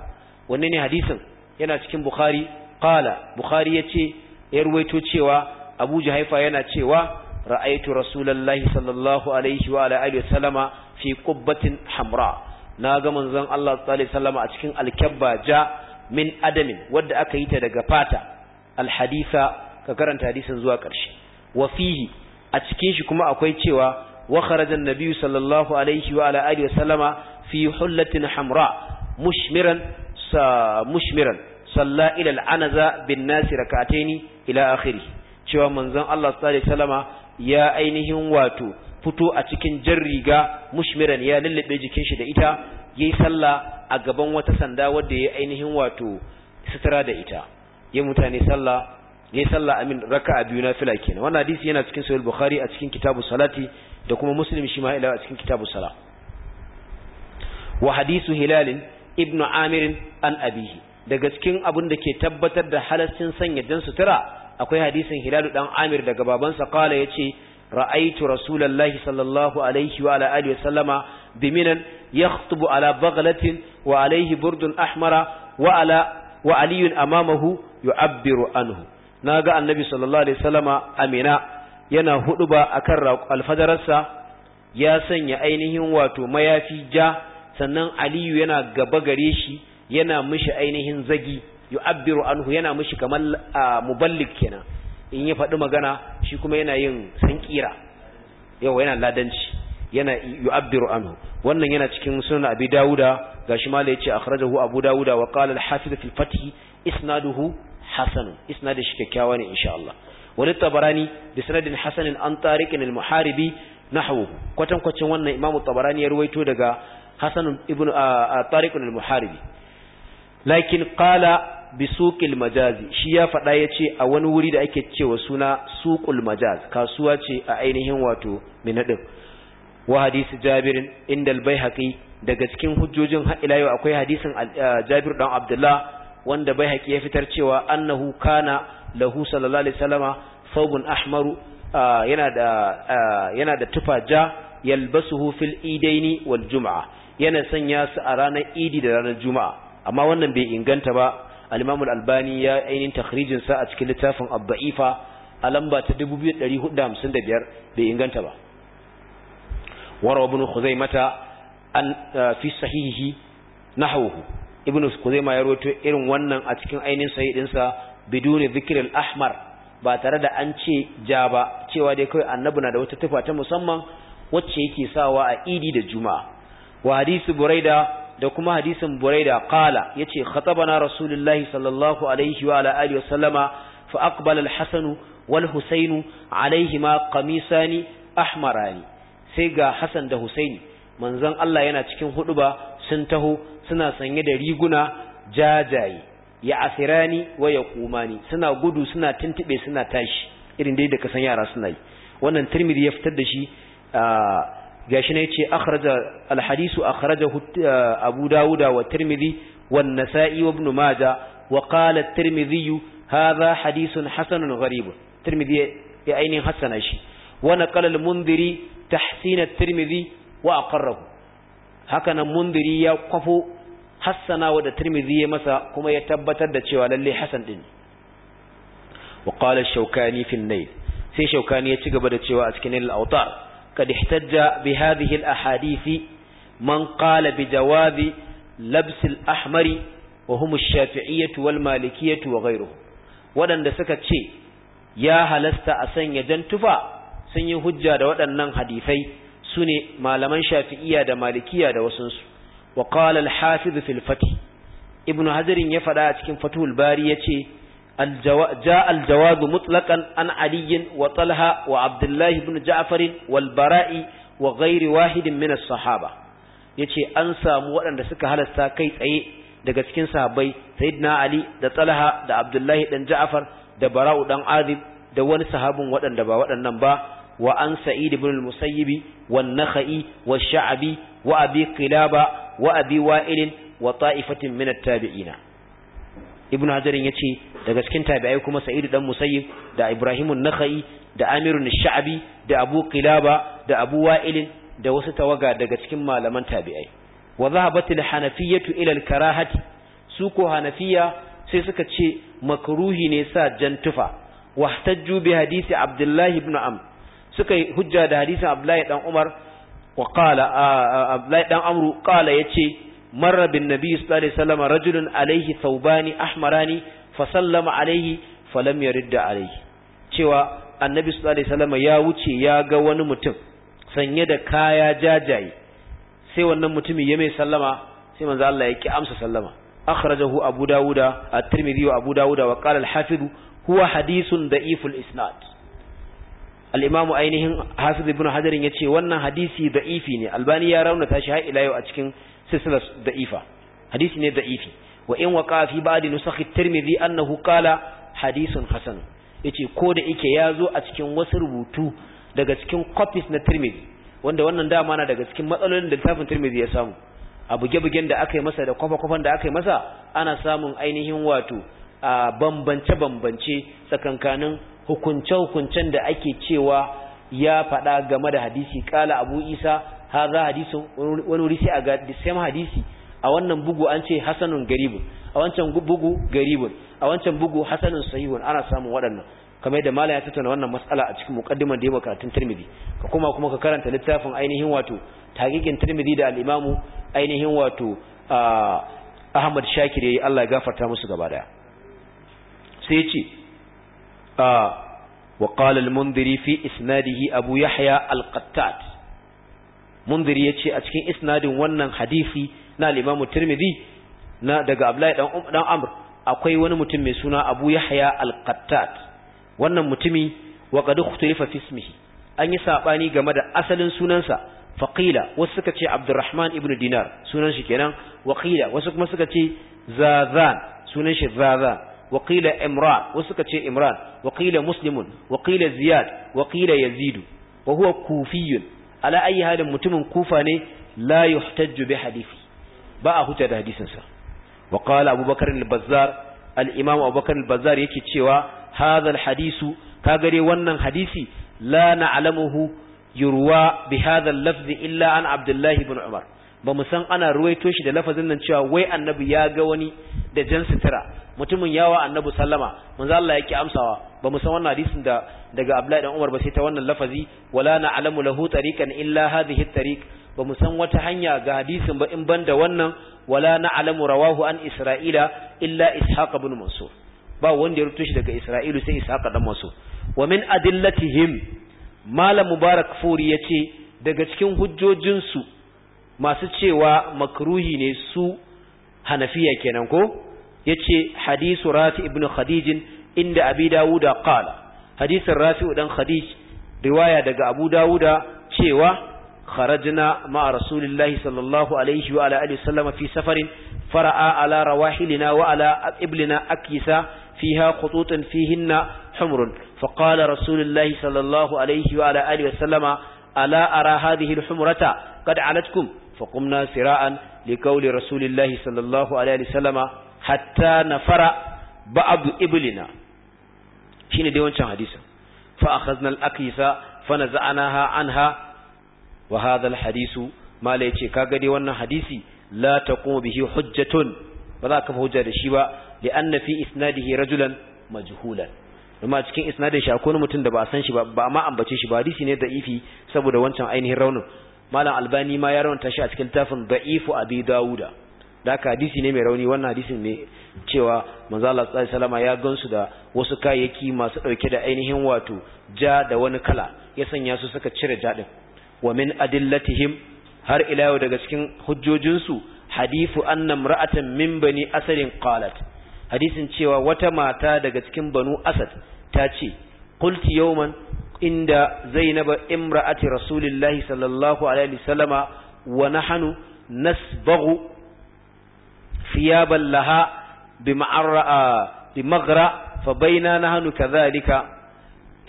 wanne ne hadisin yana cikin bukhari qala bukhari yace ya ruwaito cewa abu juhaifa yana cewa ra'aytu rasulullahi sallallahu alaihi wa ala alihi wasallama fi qubbatin hamra na ga manzon Allah sallallahu alaihi wasallama a cikin alkabba ja min adamin wadda aka yi ta daga fata alhadisa ka karanta hadisin zuwa ƙarshe wa fihi a cikin shi kuma akwai cewa wa kharajan nabiyyu sallallahu alaihi wa ala alihi wa sallama fi hullatin hamra mushmiran sa mushmiran salla ila al-anaza bin nas rak'ataini ila akhiri cewa manzon Allah sallallahu alaihi wasallama ya ainihin wato fito a cikin jan riga mushmiran ya lullube jikin shi da ita yayi sallah a gaban wata sanda wadda yayi ainihin wato sutura da ita yayi mutane salla yayi sallah amin raka'a biyu na fila kenan wannan hadisi yana cikin sahih bukhari a cikin kitabu salati da kuma muslim shi ma ila a cikin kitabu sala wa hadisu hilal ibnu amir an abihi daga cikin abin da ke tabbatar da halaccin sanya jan sutura akwai hadisin hilalu dan amir daga babansa kala yace ra'aitu rasulallahi sallallahu alaihi wa ala alihi wasallama biminan yakhtubu ala baghlatin wa alaihi burdun ahmara wa ala wa aliyun amamahu yu'abbiru anhu na ga annabi sallallahu alaihi wasallama amina yana hudu ba kan alfadararsa ya sanya ainihin wato mayafi ja sannan aliyu yana gaba gare shi yana mishi ainihin zagi yu'abbiru anhu yana mishi kamar muballig kenan in ya faɗi magana shi kuma yana yin sankira yawa yana ladanci yana yu'abbiru anhu wannan yana cikin sunan abi dawuda gashi ma yace akhrajahu abu dawuda wa qala al-hafiz fil fath isnaduhu hasan isnadin shi kyakkyawa ne insha Allah wani tabarani bi sanadin hasanin an tariqin al-muharibi nahwu kwatan kwacin wannan imam tabarani ya ruwaito daga hasan ibn tariqin muharibi lakin qala Bisukil majazi shi ya faɗa ya ce a wani wuri da ake cewa suna suqul Majazi kasuwa ce a ainihin wato minadin wa hadisi jabirin inda al daga cikin hujjojin har akwai hadisin Jabir dan Abdullah wanda bai haƙi ya fitar cewa annahu kana lahu sallallahu alaihi wasallama thawbun ahmaru yana da yana da tufa ja yalbasuhu fil idaini wal jum'a yana sanya su a ranar idi da ranar juma'a amma wannan bai inganta ba al-imam al-albani ya ainin takhrijin sa a cikin littafin abba'ifa a lamba ta 2455 bai inganta ba warawa ibn khuzaimata an fi sahihi nahawuhu ibn kuzaima ya rawaito irin wannan a cikin ainihin sahih dinsa biduni dhikr al-ahmar ba tare da an ce ja ba cewa dai kai annabi na da wata tufa ta musamman wacce yake sawa a idi da juma'a wa hadisi buraida da kuma hadisin buraida qala yace khatabana rasulullahi sallallahu alaihi wa ala alihi wa sallama fa aqbala al-hasan wal husayn alaihima qamisani ahmarani sai ga hasan da husaini manzon Allah yana cikin huduba sun taho suna sanye da riguna jajaye ya asirani wa ya kumani suna gudu suna tuntube suna tashi irin dai da kasan yara suna yi wannan tirmidhi ya fitar da shi gashi ne yace akhraja alhadisu akhrajahu abu dauda wa tirmidhi wan nasa'i wa ibn majah wa qala at-tirmidhi hadha hadithun hasanun gharib tirmidhi ya hasana shi wa naqala al-mundhiri tahsin at-tirmidhi wa aqarrahu haka nan mundhiri ya kwafo hassana wa da tirmidhi ya masa kuma ya tabbatar da cewa lalle hasan din wa qala shaukani fi an-nail sai shaukani ya ci gaba da cewa a cikin al-awtar kad ihtajja bi hadhihi al-ahadith man qala bi labs al-ahmari wa hum ash-shafi'iyyah wal-malikiyyah wa ghayruhum wadanda suka ce ya halasta a sanya jan tufa sun yi hujja da waɗannan hadisai sune malaman shafi'iyya da malikiyya da wasunsu wa qala al-hafiz Ibn fath ibnu ya faɗa a cikin fathul bari yace جاء wa مطلقا wa Abdullahi وطلحة Jafarin الله Bara'i wa والبراء وغير واحد sahaba. Ya yace an samu waɗanda suka halasta kai tsaye daga cikin sahabbai sayyidina ali da talha da abdullahi dan ja'far da bara'u dan azib da wani sahabin waɗanda ba waɗannan ba wa an sa'id ibn al-musayyib wan nakhai wa sha'bi wa abi qilaba wa abi wa'il wa ta'ifatin min at-tabi'ina ibnu ya ce daga cikin tabi'ai kuma sa'id dan musayyib da ibrahim an-nakhai da amirun sha'abi da abu qilaba da abu wa'il da wasu tawaga daga cikin malaman tabi'ai wa zahabat al-hanafiyyatu ila al su ko hanafiya sai suka ce makruhi ne sa jantufa wahtajju bi hadisi abdullah ibn am suka hujja da hadisin abdullah dan umar wa qala Abdullahi dan Amru qala yace marra bin nabi sallallahu alaihi wasallam rajulun alaihi thawbani ahmarani fa sallama alaihi Ridda yarda alaihi cewa annabi sallallahu alaihi wasallam ya wuce ya ga wani mutum sanye da kaya jajaye sai wannan mutumin ya mai sallama sai manzo Allah ya ki amsa sallama akhrajahu abu dawuda at-tirmidhi wa abu dawuda wa qala al-hafiz huwa hadithun da'iful isnad Al'imamu ainihin hafiz ibn ya ce wannan hadisi da'ifi ne albani ya raunata shi har ila yau a cikin silsilar da'ifa hadisi ne da'ifi wa in ba fi ba'd tirmizi at-tirmidhi annahu qala hadithun hasan yace ko da ya zo a cikin wasu rubutu daga cikin copies na tirmidhi wanda wannan dama na daga cikin matsalolin da littafin tirmidhi ya samu a buge-bugen da aka yi masa da kwafa-kwafan da aka yi masa ana samun ainihin wato a bambance-bambance tsakankanin hukunce-hukuncen da ake cewa ya faɗa game da hadisi kala abu isa ha za hadisun wani wuri sai a ga same hadisi a wannan bugu an ce hasanun garibun a wancan bugu garibun a wancan bugu hasanun sahihun ana samun waɗannan kamar yadda malaya ta tattauna wannan matsala a cikin muqaddimar da ya karatun turmidi ka kuma kuma ka karanta littafin ainihin wato taqiqin turmidi da al'imamu ainihin wato ah, Ahmad Shakir ya yi Allah ya gafarta musu gaba daya sai ya ce وقال المنذري في إسناده أبو يحيى القتات منذري يتشي أتكين إسناد ونن حديثي نا الإمام الترمذي نا دقى أبلاي دان أمر أقوي ونمتم سنا أبو يحيى القتات ونمتمي وقد اختلف في اسمه أن يسابني قمد أسل سننسا فقيل وسكت عبد الرحمن ابن دينار سننش كنان وقيل وسكما سكت زاذان سننش زاذان waƙila imran wasu ka ce imran waƙila muslimun waƙila ziyad waƙila yazidu wa huwa kufiyun ala ayi mutumin kufa ne la yuhtajju hadisi ba a huta da hadisin sa wa qala abubakar al-bazzar al-imam abubakar al-bazzar yake cewa hadha hadisu ka gare wannan hadisi la na'lamuhu yurwa bi hadha al illa an abdullahi ibn umar ba mu san ana ruwaito shi da lafazin nan cewa wai annabi ya ga wani da jan sutura mutumin yawa annabi sallama manzo Allah yake amsawa ba mu san wannan hadisin da daga Abdullahi dan Umar ba sai ta wannan lafazi wala alamu lahu tariqan illa hadhihi at-tariq ba mu san wata hanya ga hadisin ba in banda wannan wala alamu rawahu an Isra'ila illa Ishaq ibn Mansur ba wanda ya rubuto shi daga Isra'ilu sai Ishaq dan Mansur wa min adillatihim malam Mubarak Furi yace daga cikin hujjojinsu masu cewa makruhi ne su Hanafiya kenan ko yace hadisu rafi ibn khadijin inda abi dawuda qala hadisin rafi dan khadij riwaya daga abu dawuda cewa kharajna ma rasulillahi sallallahu alaihi wa ala alihi sallama fi safarin fara'a ala rawahilina wa ala iblina akisa fiha khututun fihinna humrun فقال رسول الله صلى الله ala وعلى آله وسلم ألا أرى هذه الحمرة قد علتكم فقمنا سراعا لقول رسول الله صلى hatta nafara ba'du iblina shine dai wancan hadisin fa akhadna al-aqisa fa naza'naha anha wa hadha al-hadisu mala yace kaga gade wannan hadisi la kuma bihi hujjatun ba za ka fi hujja da shi ba li anna fi isnadihi rajulan majhulan amma cikin isnadin shi akwai mutum da ba san shi ba ba ma ambace shi ba hadisi ne ifi saboda wancan ainihin raunin malam albani ma ya rawanta shi a cikin tafin da'ifu abi dawuda da aka hadisi ne mai rauni wannan hadisin ne cewa manzo Allah ya gansu da wasu kayayyaki masu ɗauke da ainihin wato ja da wani kala ya sanya su suka cire ja din wa min adillatihim har ila yau daga cikin hujjojinsu hadithu anna ra'atan min bani asalin qalat hadisin cewa wata mata daga cikin banu asad ta ce qulti yawman inda zainab imra'ati rasulillahi sallallahu alaihi wasallama wa nahnu nasbaghu thiyaban laha bima'arra bimaghra fa baina nahnu kadhalika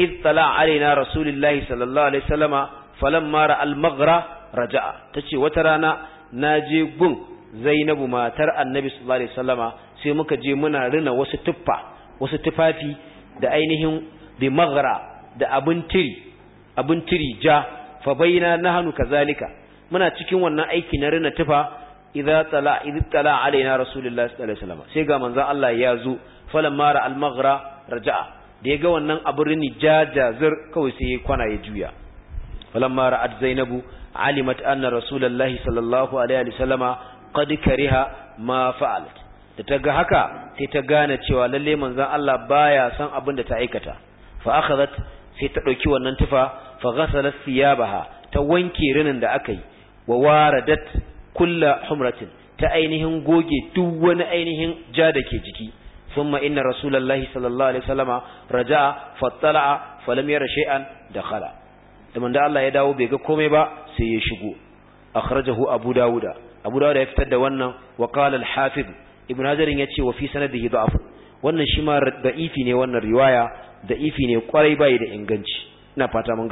إذ طلع علينا رسول الله صلى الله عليه وسلم فلما رأى المغرى رجع تشي وترانا ناجي بن زينب ما ترى النبي صلى الله عليه وسلم sai muka je muna rina wasu tuffa wasu tufafi da ainihin bi da abin tiri abin tiri ja fa baina nahnu kazalika muna cikin wannan aiki na rina tufa idza tala idtala alaina rasulullahi sallallahu alaihi wasallam sai ga manzon Allah ya zo falamma ra al-maghra raja'a da yaga wannan abrin jajazir kawai sai kwana ya juya falamma ra'at zainabu alimat anna rasulullahi sallallahu alaihi wasallama qad kariha ma fa'alat da ta ga haka sai ta gane cewa lalle manzon Allah baya san abin da ta aikata fa akhadhat sai ta dauki wannan tufa fa ghasalat thiyabaha ta wanke rinin da aka yi wa waradat kulla humratin ta ainihin goge duk wani ainihin ja da ke jiki ثم إن رسول الله صلى الله عليه وسلم رجع فطلع Allah ya dawo bai ga komai ba sai ya shigo akhrajahu abu daud ya fitar da wannan wa qala ya ce wa fi sanadihi da'if riwaya da'ifi ne kwarai bai da inganci ina fata mun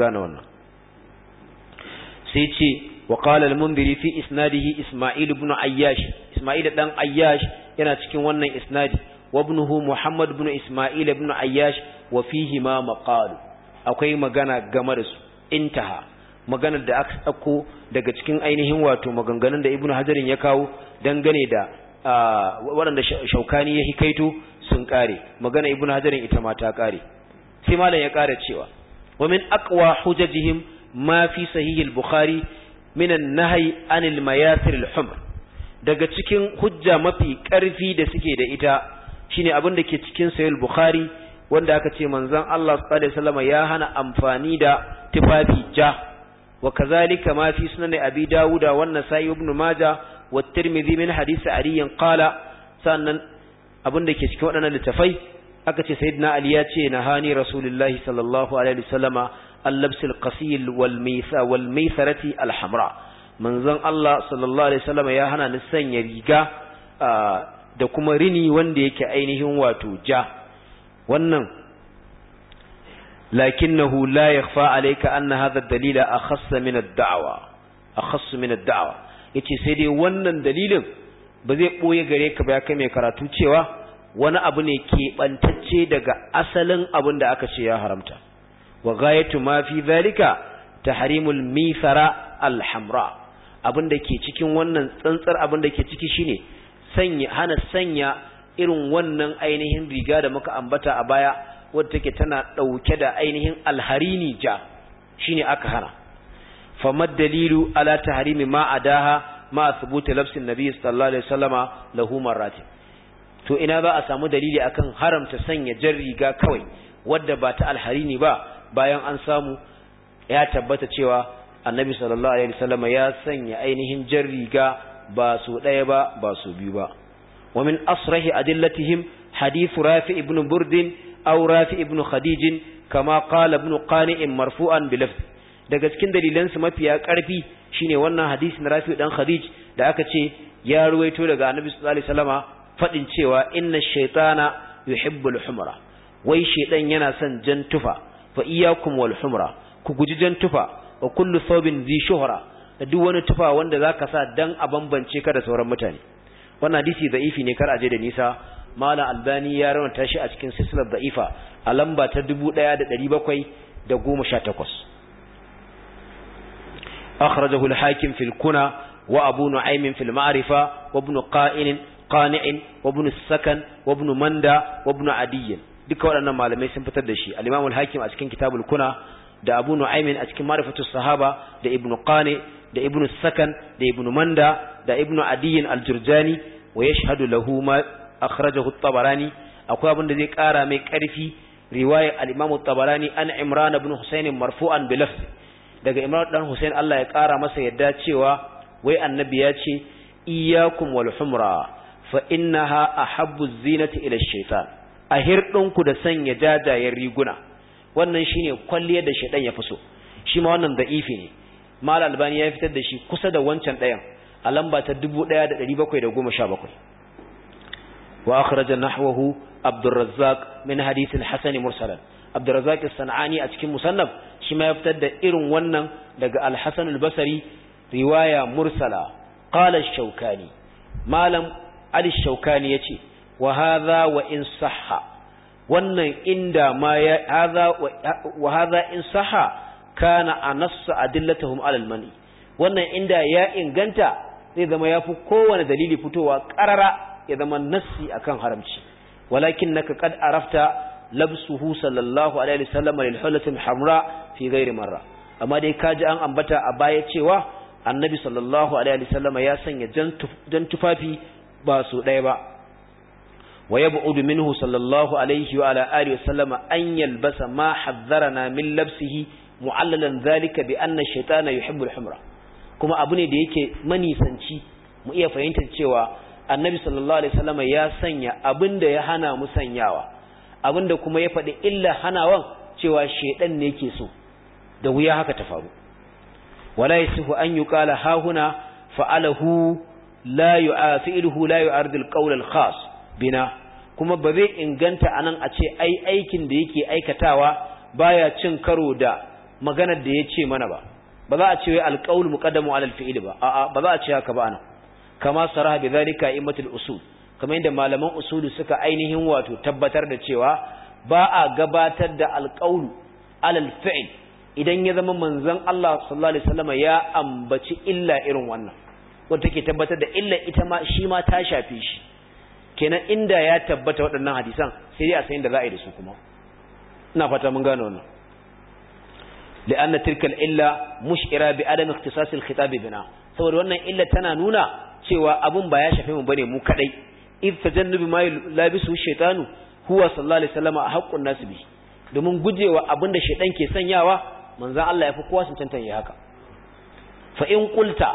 sai ce وقال المنذري في إسناده إسماعيل بن عياش إسماعيل بن عياش yana cikin wannan isnadi wabnuhu Muhammad ibn Isma'il ibn Ayyash wa fihi ma maqal akwai magana game da su intaha maganar da aka dauko daga cikin ainihin wato maganganun da Ibn Hajar ya kawo dangane da waɗanda Shaukani ya hikaito sun kare magana Ibn Hajar ita mata ta kare sai malam ya kare cewa wa min aqwa hujajihim ma fi sahih bukhari minan nahyi anil mayasir al-humr daga cikin hujja mafi karfi da suke da ita shine abin da ke cikin sahih bukhari wanda aka ce manzon Allah sallallahu alaihi wasallam ya hana amfani da tufafi ja wa kazalika ma fi sunan abi dauda wa nasai ibn majah wa tirmidhi min hadisi ali qala sannan abin da ke cikin waɗannan littafai aka ce sayyidina ali ya ce nahani rasulullahi sallallahu alaihi wasallama اللبس القصيل والميثا والميثرة الحمراء منزن الله صلى الله عليه وسلم يا هنا نسن يريغا da kuma rini wanda yake ainihin wato ja wannan lakinnahu la yakhfa alayka anna hadha ad-dalila akhassa min ad-da'wa akhassa min ad-da'wa yace sai dai wannan dalilin ba zai boye gare ka ba ya kai mai karatu cewa wani abu ne keɓantacce daga asalin abin da aka ce ya haramta wa ghayatu ma fi dhalika tahrimul mithara alhamra abin da ke cikin wannan tsantsar abin da ke ciki shine sanya hana sanya irin wannan ainihin riga da muka ambata a baya wadda take tana dauke da ainihin alharini ja shine aka hana famad dalilu ala tahrimi ma adaha ma thubuti labsin nabi sallallahu alaihi wasallama lahu to ina ba a samu dalili akan haramta sanya jar riga kawai wadda ba ta alharini ba bayan an samu ya tabbata cewa annabi sallallahu alaihi wasallam ya sanya ainihin jar riga ba su ɗaya ba ba su biyu ba wa min asrahi adillatihim hadithu rafi ibn burdin aw rafi ibn khadij kama qala ibn qani'in marfu'an bi lafzi daga cikin dalilan su mafiya karfi shine wannan hadisi na rafi dan khadij da aka ce ya ruwaito daga annabi sallallahu alaihi wasallama fadin cewa inna shaytana yuhibbul humra wai shaytan yana son jan tufa fa iyyakum wal humra ku guji jan tufa wa kullu thawbin zi shuhra da duk wani tufa wanda zaka sa dan a bambance ka da sauran mutane wannan hadisi da'ifi ne kar a je da nisa mala albani ya rawaita shi a cikin silsilar da'ifa a lamba ta 1718 akhrajahu al-hakim fil kuna wa abu nu'aym fil ma'rifa wa ibn qa'in qani'in wa ibn sakan wa ibn manda wa ibn adiyyin duka waɗannan malamai sun fitar da shi al-Imam hakim a cikin Kitabul Kuna da Abu Nu'aymin a cikin Ma'rifatus Sahaba da ibnu Qani da ibnu Sakan da ibnu Manda da ibnu Adiyin al-Jurjani wa yashhadu lahu ma akhrajahu at-Tabarani akwai abin da zai ƙara mai ƙarfi riwaya al-Imam tabarani an Imran ibn Husayn marfu'an bi lafz daga Imran dan Husayn Allah ya ƙara masa yadda cewa wai annabi ya ce iyyakum wal humra fa innaha ahabbu zinati ila shaytan a hirɗinku da sanya jajayen riguna wannan shine kwalliyar da shaɗan ya fi so shi ma wannan da'ifi ne mal albani ya fitar da shi kusa da wancan ɗayan a lamba ta bakwai. wa akhraja nahwahu abdurrazzaq min hadith al-hasan mursalan abdurrazzaq as-sanani a cikin musannaf shi ma ya fitar da irin wannan daga al-hasan al-basri riwaya mursala qala ash-shawkani malam ali ash-shawkani yace wa hadha wa in wannan inda ma ya hadha wa hadha in sahha kana anassa adillatuhum alal mani wannan inda ya inganta zai zama yafi kowane dalili fitowa qarara ya zama nassi akan haramci walakinnaka qad arafta labsuhu sallallahu alaihi wasallam lil hulatin hamra fi ghairi marra amma dai ka ji an ambata a baya cewa annabi sallallahu alaihi wasallam ya sanya jan tufafi ba su ɗaya ba wa yab'udu minhu sallallahu alaihi wa ala alihi wa sallama an yalbasa ma hazzarana min labsihi mu'allalan zalika bi anna shaytana yuhibbul humra kuma abu da yake manisanci mu iya fahimtar cewa annabi sallallahu alaihi wasallama ya sanya da ya hana mu sanyawa da kuma ya faɗi illa hanawan cewa shedan ne ke so da wuya haka ta faru wala yasihu an yuqala hahuna fa'alahu la yu'afiluhu la yu'ardil qawl al khas bina kuma ba zai inganta anan a ce ai aikin da yake aikatawa baya cin karo da maganar da ya ce mana ba ba za a ce alqaul muqaddamu ala alfi'il ba a'a ba za a ce haka ba anan kama saraha bi zalika imatul usul kamar yadda malaman usulu suka ainihin wato tabbatar da cewa ba a gabatar da alqaul ala alfi'il idan ya zama manzon Allah sallallahu alaihi wasallam ya ambaci illa irin wannan wanda take tabbatar da illa ita ma shi ma ta shafe shi kenan inda ya tabbata waɗannan hadisan sai dai a san da za a yi da su kuma ina fata mun gane wannan لأن illa الإلة مشعرة بعدم اختصاص الخطاب بنا saboda wannan illa tana nuna cewa abun ba ya shafe mu bane mu kadai if tajannubi ma labisu shaytanu huwa sallallahu alaihi wasallam haqqun nas domin gujewa abin da shaytan ke sanyawa manzon Allah ya fi kowa cancanta ya haka fa in qulta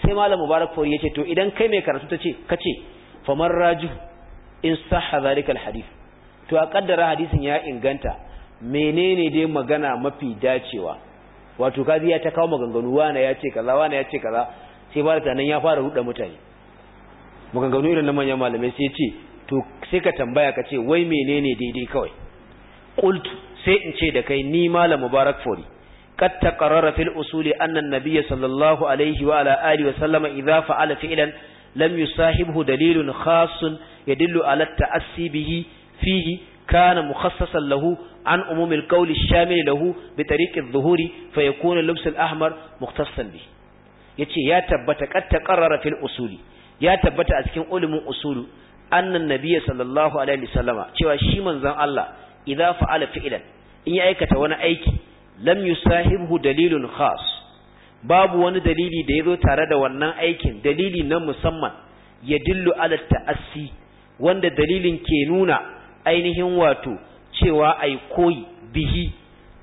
sai malam mubarak ya yace to idan kai mai karatu tace kace faman raju in saha zalika hadith to a kaddara hadisin ya inganta menene dai magana mafi dacewa wato kazi ya ta kawo maganganu wane ya ce kaza wane ya ce kaza sai ba da tanan ya fara rudda mutane maganganu irin na manyan malamai sai ce to sai ka tambaya ka ce wai menene daidai kawai qultu sai in ce da kai ni malam mubarak fori قد تقرر في الأصول أن النبي صلى الله عليه وعلى آله وسلم إذا فعل filan? lam yusahibhu dalilun khasun yadullu ala ta'assi bihi fihi kana mukhassasan lahu an umumil qawli shamil lahu bi tariqi adh-dhuhuri fa yakunu al-lubs al-ahmar mukhtassan bihi yace ya tabbata qad taqarrara fil usuli ya tabbata a cikin ulumin usulu annan nabiyyi sallallahu alaihi wasallama cewa shi manzon Allah idza fa'ala fi'lan in ya aikata wani aiki lam yusahibhu dalilun khas babu wani dalili da ya zo tare da wannan aikin dalili na musamman ya dillu ala ta'assi wanda dalilin ke nuna ainihin wato cewa ai koyi bihi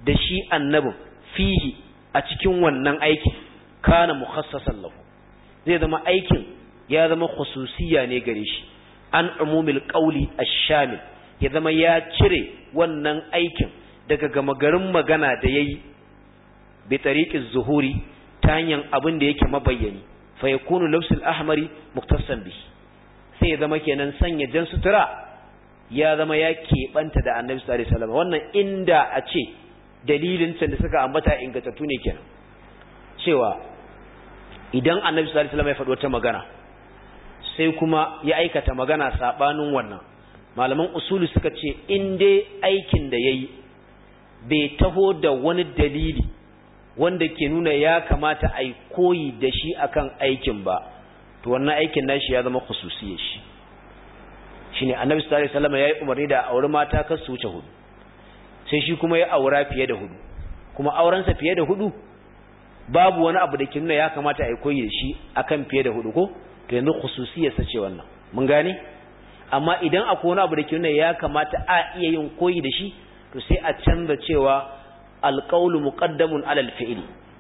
da shi annabin fihi a cikin wannan aikin kana mukhassasan lahu zai zama aikin ya zama khususiya ne gare shi an umumil qawli ash-shamil ya zama ya cire wannan aikin daga gama garin magana da yayi bi tariqiz zuhuri ta hanyar abin da yake mabayyani fa yakunu lafsul ahmari muktasan bi sai ya zama kenan sanya jan sutura ya zama ya keɓanta da annabi sallallahu alaihi wasallam wannan inda a ce dalilin can da suka ambata ingantattu ne kenan cewa idan annabi sallallahu alaihi wasallam ya faɗi wata magana sai kuma ya aikata magana sabanin wannan malaman usuli suka ce in dai aikin da yayi bai taho da wani dalili wanda ke nuna ya kamata a koyi da shi akan aikin ba to wannan aikin nashi ya zama khususiyar shi shine annabi sallallahu alaihi wasallam yayi umarni da auri mata kar su wuce hudu sai shi kuma ya aura fiye da hudu kuma aurensa fiye da hudu babu wani abu da ke nuna ya kamata a koyi da shi akan fiye da hudu ko to yanzu sa ce wannan mun gane amma idan akwai wani abu da ke nuna ya kamata a iya yin koyi da shi to sai a canza cewa alqawlu muƙaddamun alal fi'il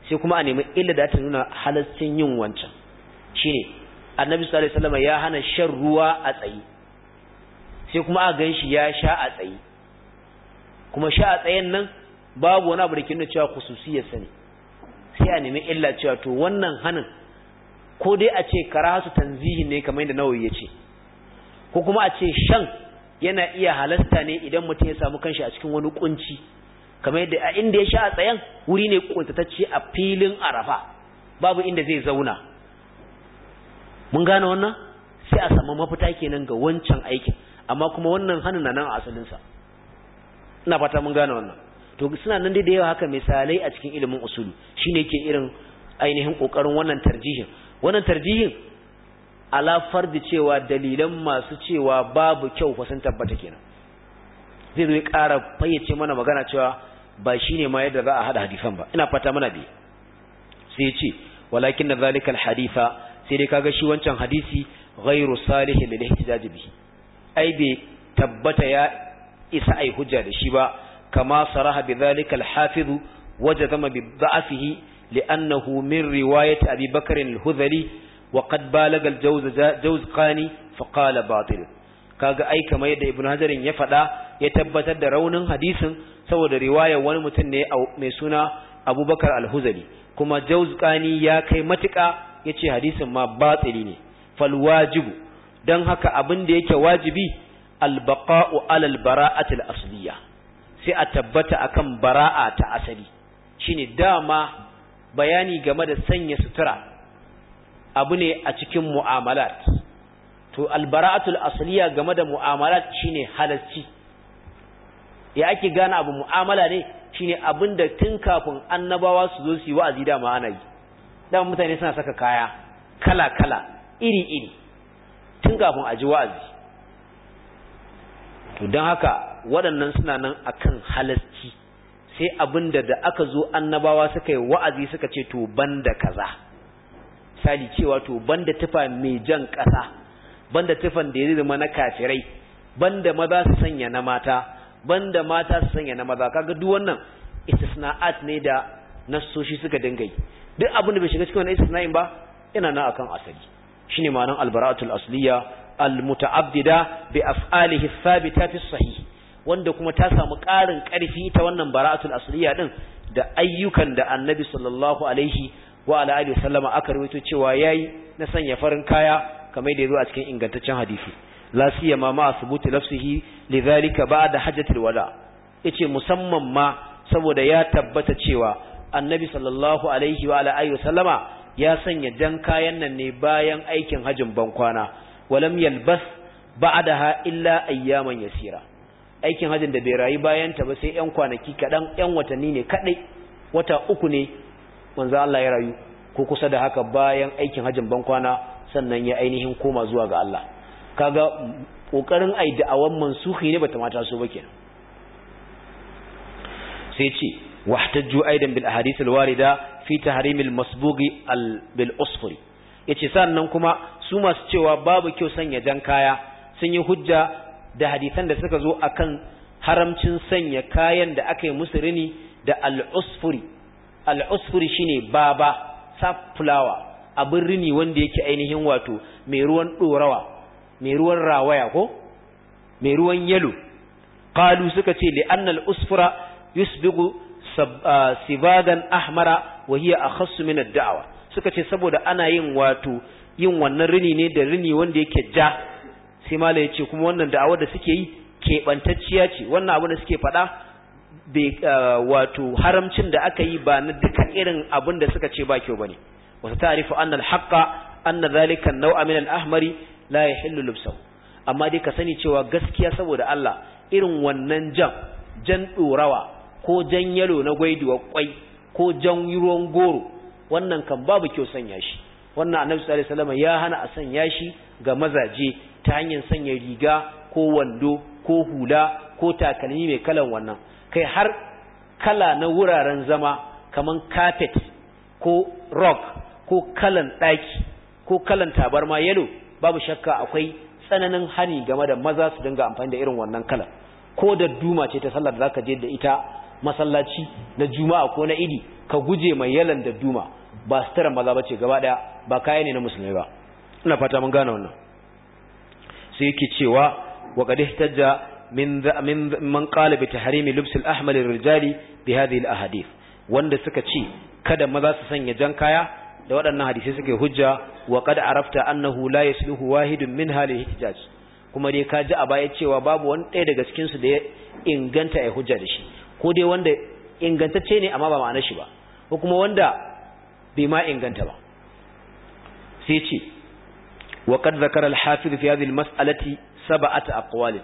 sai kuma a nemi illa da ta nuna halaccin yin wancan shine annabi sallallahu alaihi wasallam ya hana shan ruwa a tsayi sai kuma a ganshi ya sha a tsayi kuma sha a tsayen nan babu wani abu da ke nuna cewa khususiyar sani sai a nemi illa cewa to wannan hanin ko dai a ce karasu tanzihi ne kamar yadda nawawi ya ce ko kuma a ce shan yana iya halasta ne idan mutum ya samu kanshi a cikin wani kunci kamar yadda a inda ya sha a tsayen wuri ne ƙuntatacce a filin arafa babu inda zai zauna mun gane wannan sai a samu mafita kenan ga wancan aikin amma kuma wannan hannun na nan a asalinsa ina fata mun gane wannan to suna nan da yawa haka misalai a cikin ilimin usulu shine ke irin ainihin kokarin wannan tarjihin wannan tarjihin ala farji cewa dalilan masu cewa babu kyau fa sun tabbata kenan zai zo ya ƙara fayyace mana magana cewa ba shine ma yadda za a hada hadisan ba ina fata mana bi sai ce walakin na zalikal hadifa sai dai kaga shi wancan hadisi ghairu salihin lil ihtijaj bihi ai bai tabbata ya isa ai hujja da shi ba kama saraha bi zalikal hafiz wajazama bi da'afihi li'annahu min riwayat abi bakr al-hudhali وقد بالغ الجوز جوز قاني فقال باطل kaga ai kamar yadda Ibn hajarin ya faɗa ya tabbatar da raunin hadisin saboda riwayar wani mutum ne mai suna abubakar al-huzali kuma ƙani ya kai matuƙa yace hadisin ma batili ne fal wajibu dan haka abin da yake wajibi al-baqa'u 'ala al-bara'ati al asliya sai a tabbata akan bara'a ta asali shine dama bayani game da sanya sutura abu ne a cikin mu'amalat to albara'atul asliya game da mu'amalat shine halalci ya ake gane abu mu'amala ne shine abin da tun kafin annabawa su zo su yi wa'azi da ma'ana yi dama mutane suna saka kaya kala kala iri iri tun kafin a ji wa'azi to don haka waɗannan suna nan akan halalci sai abinda da aka zo annabawa suka yi wa'azi suka ce to banda kaza sali cewa to banda tufa mai jan ƙasa banda tufan da ya zama na kafirai banda maza su sanya na mata banda mata su sanya na maza kaga duk wannan istisna'at ne da nassoshi suka dinga yi duk abin da bai shiga cikin wannan istisna'in ba yana nan akan asali shine ma'anar albara'atul asliya almuta'abbida bi af'alihi thabita fi sahih wanda kuma ta samu ƙarin ƙarfi ta wannan bara'atul asliya din da ayyukan da annabi sallallahu alaihi wa ala alihi sallama aka rawaito cewa yayi na sanya farin kaya kamar da zo a cikin ingantaccen hadisi la siya ma asbuti nafsihi lidhalika ba'da hajjatil wada yace musamman ma saboda ya tabbata cewa annabi sallallahu alaihi wa alihi sallama ya sanya jan kayan nan ne bayan aikin hajjin bankwana walam yalbas ba'daha illa ayyaman yasira aikin hajjin da bai rayu bayan ta ba sai yan kwanaki kadan yan watanni ne kadai wata uku ne manzo Allah ya rayu ko kusa da haka bayan aikin hajjin bankwana sannan ya ainihin koma zuwa ga Allah kaga kokarin ai da'awan mansuhi ne bata mata so ba kenan sai ce wahtajju aidan bil ahadith al warida fi tahrim al masbugh bil usfur yace sannan kuma su masu cewa babu kyau sanya jan kaya sun yi hujja da hadisan da suka zo akan haramcin sanya kayan da aka yi musu rini da al usfuri al usfuri shine baba safflower abin rini wanda yake ainihin wato mai ruwan ɗorawa mai ruwan rawaya ko mai ruwan yalo qalu suka ce li annal usfura yusbigu ah, sibagan ahmara wa hiya akhassu min ad suka ce saboda ana yin wato yin wannan rini ne da rini wanda yake ja sai mala ya ce kuma wannan da'awar da suke yi keɓantacciya ce wannan abin da suke faɗa ah, wato haramcin da aka yi ba na duka irin abin da suka ce ba kyau ba ne وستعرف أن الحق أن ذلك النوع ahmari الأحمر لا يحل amma dai ka sani cewa gaskiya saboda Allah irin wannan jan jan ɗorawa ko jan yalo na gwaiduwa kwai ko jan ruwan goro wannan kan babu kyau sanya shi wannan annabi sallallahu alaihi wasallam ya hana a sanya shi ga mazaje ta hanyar sanya riga ko wando ko hula ko takalmi mai kalan wannan kai har kala na wuraren zama kaman carpet ko rock ko kalan ɗaki ko kalan tabarma yalo babu shakka akwai tsananin hani game da maza su dinga amfani da irin wannan kalan ko da duma ce ta sallar da zaka je da ita masallaci na juma'a ko na idi ka guje mai yalan da duma ba tara maza ba ce gaba daya ba kaya ne na musulmai ba ina fata mun gane wannan sai yake cewa wa qad tajja min min man qala bi tahrimi lubs al ahmar rijali bi hadhihi al ahadith wanda suka ce kada maza su sanya jan kaya da waɗannan hadisai suke hujja wa kada arafta annahu la yasluhu wahidun min halihi ihtijaj kuma dai ka ji a baya cewa babu wani ɗaya daga cikin su da ya inganta ya hujja da shi ko dai wanda ingantacce ne amma ba ma'anar shi ba ko kuma wanda bai ma inganta ba sai ce wa qad zakara al-hafiz fi hadhihi al-mas'alati sab'ata aqwal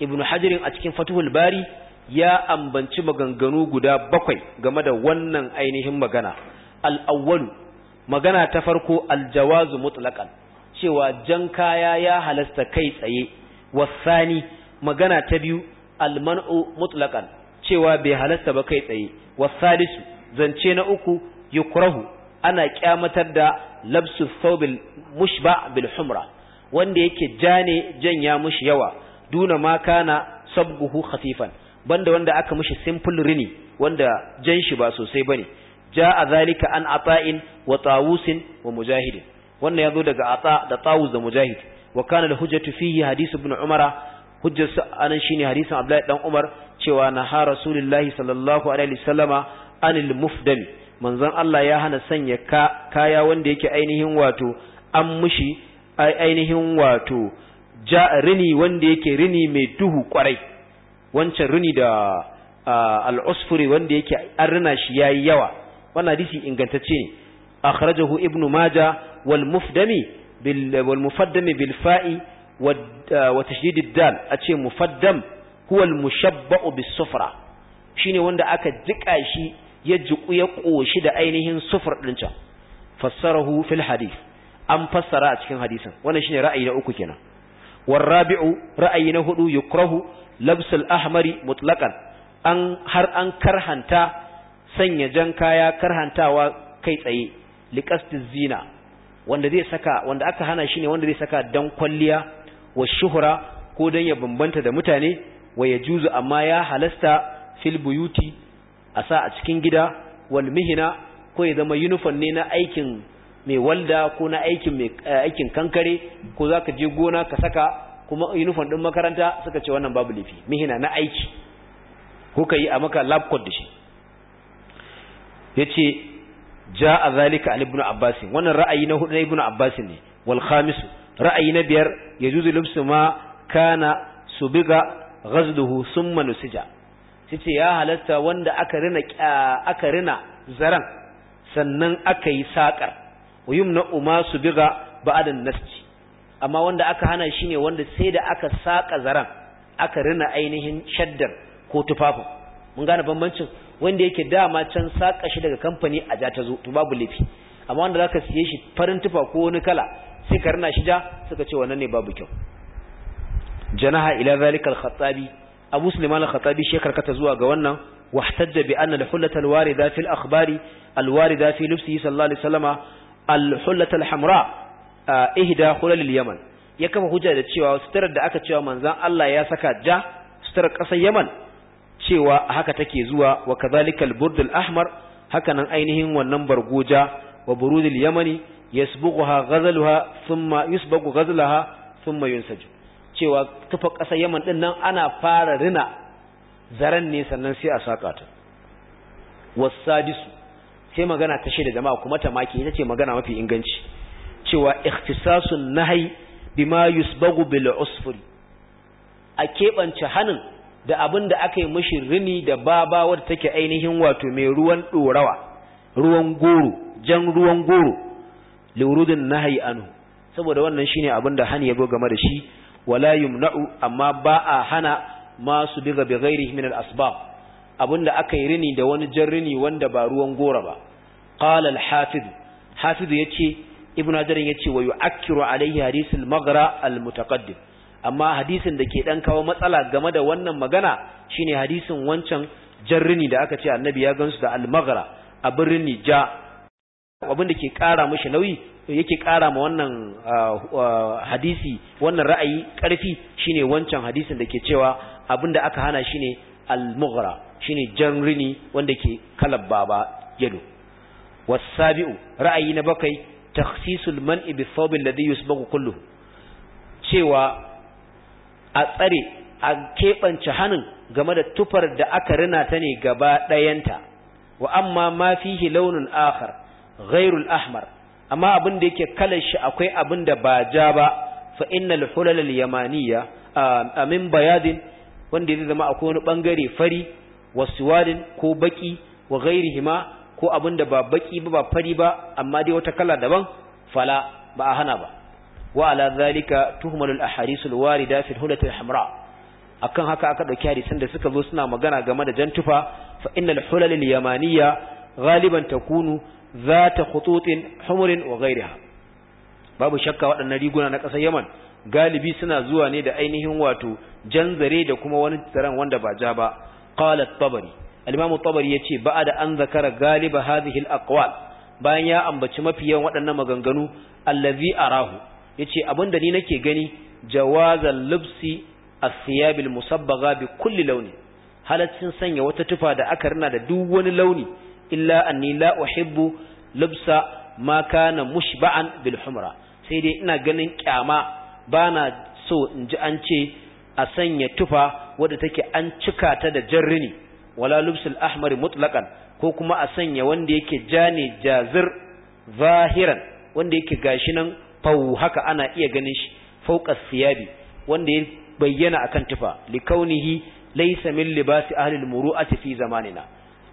ibn hajar a cikin fatuhul bari ya ambanci maganganu guda bakwai game da wannan ainihin magana al-awwal magana ta farko aljawazu mutlaqan cewa jan kaya ya halasta kai tsaye wasani magana ta biyu alman'u mutlaqan cewa bai halasta ba kai tsaye wasalisu zance na uku yukrahu ana kyamatar da labsu thawbil mushba bil humra wanda yake jane janya mushi yawa duna ma kana sabguhu khafifan banda wanda aka mushi simple rini wanda jan shi ba sosai bane jaa zalika an ata'in wa tawusin wa mujahid wannan yazo daga ata da tawus da mujahid wa kana da hujjatu fihi hadith ibn umara hujjatu anan shine hadisin abdullahi dan umar cewa naha rasulullahi sallallahu alaihi wasallama anil mufdami manzon Allah ya hana sanya kaya wanda yake ainihin wato an mushi ainihin wato ja rini wanda yake rini mai duhu kwarai wancan rini da al'usfuri wanda yake arna shi yayi yawa wannan hadisi ingantacce ne akhrajahu ibnu maja wal mufdami bil wal mufaddami bil fa'i wa uh, tashdid ad-dal ace mufaddam huwa al mushabba'u bis sufra shine wanda aka jika shi ya jiku ya koshi da ainihin sufur din can fassarahu fil hadith an fassara a cikin hadisin wannan shine ra'ayi na uku kenan war rabi'u ra'ayi na hudu yukrahu labsul ahmari mutlaqan an har an karhanta sanya jan kaya karhantawa kai tsaye liqastiz zina wanda zai saka wanda aka hana shi ne wanda zai saka dan kwalliya wa shuhra ko dan ya bambanta da mutane wa ya yajuzu amma ya halasta fil buyuti asa a cikin gida wal mihina ko ya zama uniform ne na aikin mai walda ko na aikin eh, aikin kankare ko zaka je gona ka saka kuma uniform din makaranta suka ce wannan babu lifi mihina na aiki ko kai a maka lab code da shi yace jaa zalika al ibn abbas wannan ra'ayi na hudu na ibn abbas ne wal khamis ra'ayi na biyar yajuzu lubsu ma kana subiga ghazduhu summa nusija yace ya halatta wanda aka rina aka rina zaran sannan aka yi sakar wayumna uma subiga ba'da nasji amma wanda aka hana shi ne wanda sai da aka saka zaran aka rina ainihin shaddar ko tufafin mun gane bambancin wanda yake dama can saka shi daga kamfani a ja ta zo to babu laifi amma wanda zaka siye shi farin tufa ko wani kala sai ka rina shi ja suka ce wannan ne babu kyau janaha ila zalika al-khattabi abu sulaiman al-khattabi zuwa ga wannan واحتج بأن الحلة الواردة في الأخبار الواردة في al صلى الله عليه وسلم الحلة الحمراء إهدى خلال اليمن يكفى حجة cewa sutar da aka cewa manzon Allah ya saka ja sutar ƙasar Yaman cewa haka take zuwa wa kazalikal burdul ahmar haka nan ainihin wannan bargoja wa burudul yamani yasbughuha ghazluha thumma yusbaghu ghazlaha thumma yunsaju cewa tufa ƙasar yaman din nan ana fara rina zaren ne sannan sai a saka ta wasadisu sai magana ta shaida jama'a kuma ta maki ita ce magana mafi inganci cewa ikhtisasun nahai bima yusbagu bil usfuri a keɓance hanin da abin da aka yi mashi rini da baba wadda take ainihin wato mai ruwan ɗorawa ruwan goro jan ruwan goro liurudin nahayi anu saboda wannan shine abin da hani ya game da shi wala yumna'u amma ba a hana ma su diga bi ghairi min al-asbab abin da aka yi rini da wani jan rini wanda ba ruwan goro ba qala al-hafiz hafiz yace ibnu hajar yace wa yu'akkiru alayhi hadith al-maghra al-mutaqaddim amma hadisin da ke ɗan kawo matsala game da wannan magana shine hadisin wancan jarrini da aka ce annabi ya gansu da almaghra a birni ja abin da ke kara mishi nauyi yake kara ma wannan hadisi wannan ra'ayi karfi shine wancan hadisin da ke cewa abin da aka hana shine almaghra shine jarrini wanda ke kalabba ba yado wasabi'u ra'ayi na bakai takhsisul man'i bi thawbin ladhi cewa a tsare a keɓance hannun game da tufar da aka rina ta ne gaba ɗayanta wa amma ma fihi launin akhar ghairul ahmar amma abin da yake kalar shi akwai abin da ba ja ba fa innal hulal yamaniya amin bayadin wanda zai zama akwai wani bangare fari wa ko baki wa ma, ko abin da ba baki ba ba fari ba amma dai wata kala daban fala ba a hana ba wa ala zalika tuhmalul ahadisul warida fil hudatil hamra akan haka aka dauki hadisan da suka zo suna magana game da jantufa fa innal hulal al yamaniya ghaliban takunu zata khututin humurin wa babu shakka waɗannan riguna na ƙasar Yaman galibi suna zuwa ne da ainihin wato jan zare da kuma wani zaren wanda ba ja ba qala at-tabari al-imam at-tabari yace ba'da an zakara galiba hadhihi al-aqwal bayan ya ambaci mafiyan waɗannan maganganu allazi arahu yace abinda ni nake gani jawazal lubsi athiyabil musabbaga bi kulli launi halaccin sanya wata tufa da aka rina da duk wani launi illa anni la uhibbu lubsa ma kana mushba'an bil humra sai dai ina ganin kyama bana so in ji an ce a sanya tufa wadda take an cika ta da jarrini wala lubsul ahmar mutlaqan ko kuma a sanya wanda yake ja ne jazir zahiran wanda yake gashi nan fau haka ana iya ganin shi fauqa siyabi wanda ya bayyana a kan tufa likaunihi laysa min libasi ahli muru'ati fi zamanina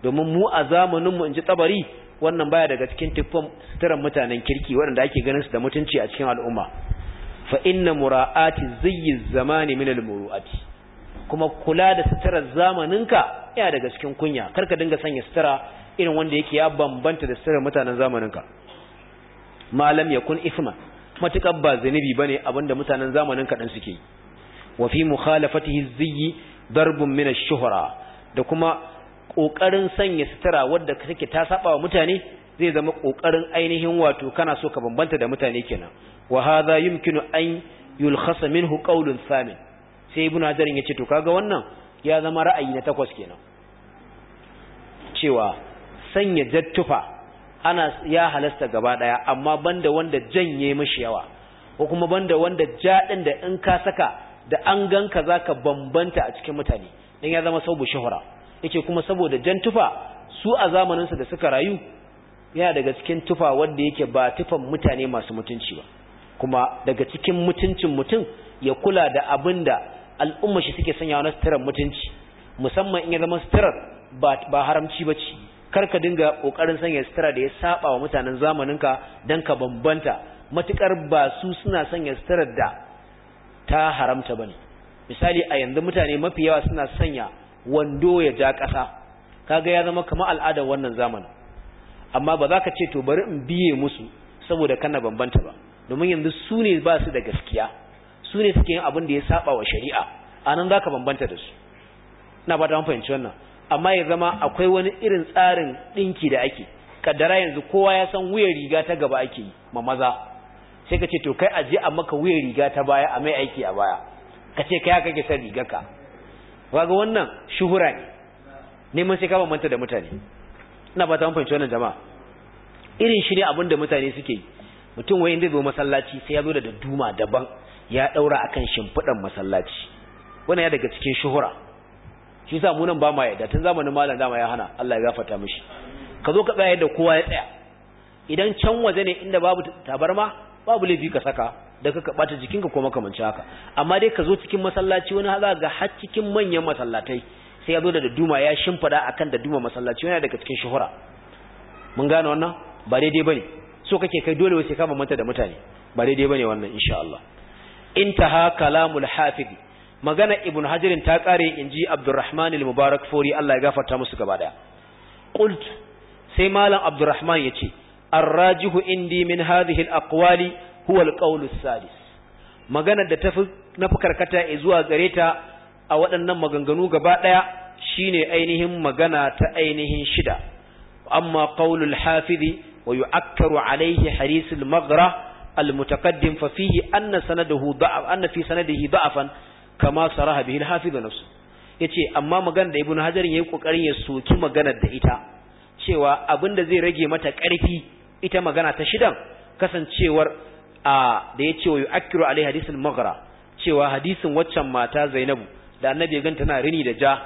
domin mu a zamanin mu inji tabari wannan baya daga cikin tufan suturan mutanen kirki waɗanda ake ganin su da mutunci a cikin al'umma fa inna mura'ati zayyi zamani min muru'ati kuma kula da suturar zamaninka yana daga cikin kunya karka dinga sanya sutura irin wanda yake ya bambanta da suturar mutanen zamaninka malam yakun isma matukar ba zanibi bane abinda mutanen zamanin kadan suke yi wa fi mukhalafatihi zayyi darbun min ash-shuhra da kuma kokarin sanya sutura wadda kake ta saba wa mutane zai zama kokarin ainihin wato kana so ka bambanta da mutane kenan wa hadha yumkinu an yulkhasa minhu qawlun thamin sai ibn hajar yace to kaga wannan ya zama ra'ayi na takwas kenan cewa sanya jattufa ana ya halasta gaba daya amma banda wanda janye mishi yawa ko kuma banda wanda jaɗin da in ka saka da an ganka zaka bambanta a cikin mutane dan ya zama sabu shuhura yake kuma saboda jan tufa su a zamaninsa da suka rayu yana daga cikin tufa wanda yake ba tufan mutane masu mutunci ba kuma daga cikin mutuncin mutum ya kula da abinda al'umma shi suke sanya na sitirar mutunci musamman in ya zama sitirar ba haramci ba ce kar ka dinga kokarin sanya sutura da ya saba wa mutanen zamaninka dan ka bambanta matukar ba su suna sanya sutura da ta haramta bane misali a yanzu mutane mafi yawa suna sanya wando ya ja kasa kaga ya zama kamar al'ada wannan zamanin amma ba za ka ce to bari in biye musu saboda kana bambanta ba domin yanzu su ne ba su da gaskiya su ne suke yin abin da ya saba wa shari'a anan za ka bambanta da su ina ba ta fahimci wannan amma ya zama akwai wani irin tsarin ɗinki da ake kaddara yanzu kowa ya san wuyan riga ta gaba ake yi ma maza sai ka ce to kai aje a maka wuyan riga ta baya a mai aiki a baya ka ce kai haka ke san rigarka kaga wannan shuhura ne neman sai ka bambanta da mutane ina ba ta fahimci wannan jama'a irin shi ne abin da mutane suke yi mutum wai zai zo masallaci sai ya zo da duma daban ya daura akan shimfiɗan masallaci wannan ya daga cikin shuhura shi sa mu nan ba ma yadda tun zamanin malam dama ya hana Allah ya gafarta mishi ka zo ka tsaya yadda kowa ya tsaya idan can waje ne inda babu tabarma babu laifi ka saka da ka bata jikinka ko makamanci haka amma dai ka zo cikin masallaci wani haza ga har cikin manyan masallatai sai ya zo da duma ya shimfida akan da duma masallaci yana daga cikin shuhura mun gane wannan ba daidai bane so kake kai dole sai ka manta da mutane ba daidai bane wannan insha Allah intaha kalamul hafiz magana ibn hajarin ta kare inji abdurrahman al-mubarak fori Allah ya gafarta musu gaba daya qult sai malam abdurrahman yace arrajihu indi min hadhihi al-aqwali huwa al-qawl magana da tafi na karkata zuwa gare ta a waɗannan maganganu gaba daya shine ainihin magana ta ainihin shida amma qaulul hafizi wa yu'akkaru alayhi harisul maghra المتقدم ففيه أن سنده ضعف أن في سنده ضعفا kama saraha bihi al-hafiz nafsu yace amma magana da ibnu hajar yayi kokarin ya soki magana da ita cewa abinda zai rage mata ƙarfi ita magana ta shidan kasancewar a da yace wa yu'akkiru alai hadisin maghra cewa hadisin waccan mata Zainabu da annabi ya ganta tana rini da ja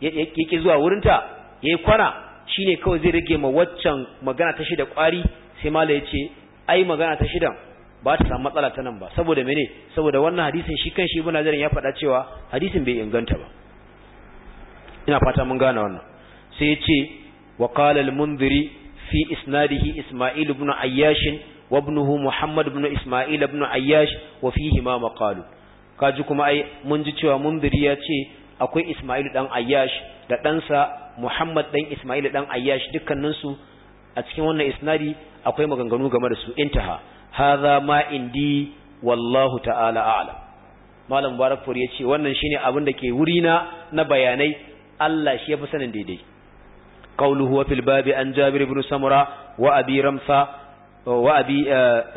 yake zuwa wurinta yayi kwana shine kawai zai rage ma waccan magana ta shida kwari sai mala yace ai magana ta shidan ba ta samu matsala ta nan ba saboda mene saboda wannan hadisin shi kan shi ibn Hajar ya faɗa cewa hadisin bai inganta ba ina fata mun gane wannan sai ya ce wa qala al-mundhiri fi isnadihi isma'il ibn ayyash wa ibnuhu muhammad ibn isma'il ibn ayyash wa fihi ma maqalu kaji kuma ai mun ji cewa mundhiri ya ce akwai isma'il dan ayyash da ɗansa muhammad dan isma'il dan ayyash dukkaninsu a cikin wannan isnadi akwai maganganu game da su intaha haza ma indi wallahu ta'ala a'lam malam barakfur yace wannan shine abin da ke wuri na na bayanai Allah shi yafi sanin daidai qawluhu wa fil babi an jabir ibn samura wa abi ramsa wa abi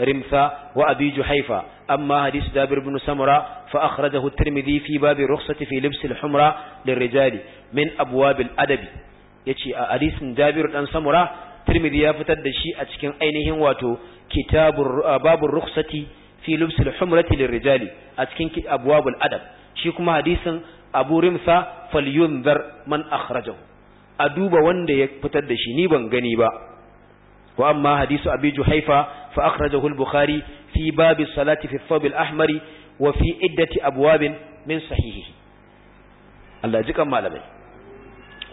rimsa wa abi juhaifa amma hadith jabir ibn samura fa akhrajahu at-tirmidhi fi babi rukhsati fi libs al-humra lirrijali min abwab al-adabi yace a hadisin jabir dan samura tirmidhi ya fitar da shi a cikin ainihin wato kitabur babur rukhsati fi lubsil humrati lirrijali a cikin abwabul adab shi kuma hadisin abu rimsa falyunzar man akhrajahu a duba wanda ya fitar da shi ni ban gani ba wa amma hadisu abi juhaifa fa akhrajahu al-bukhari fi babi salati fi thawb al-ahmari wa fi iddati abwabin min sahihi Allah ji kan malamai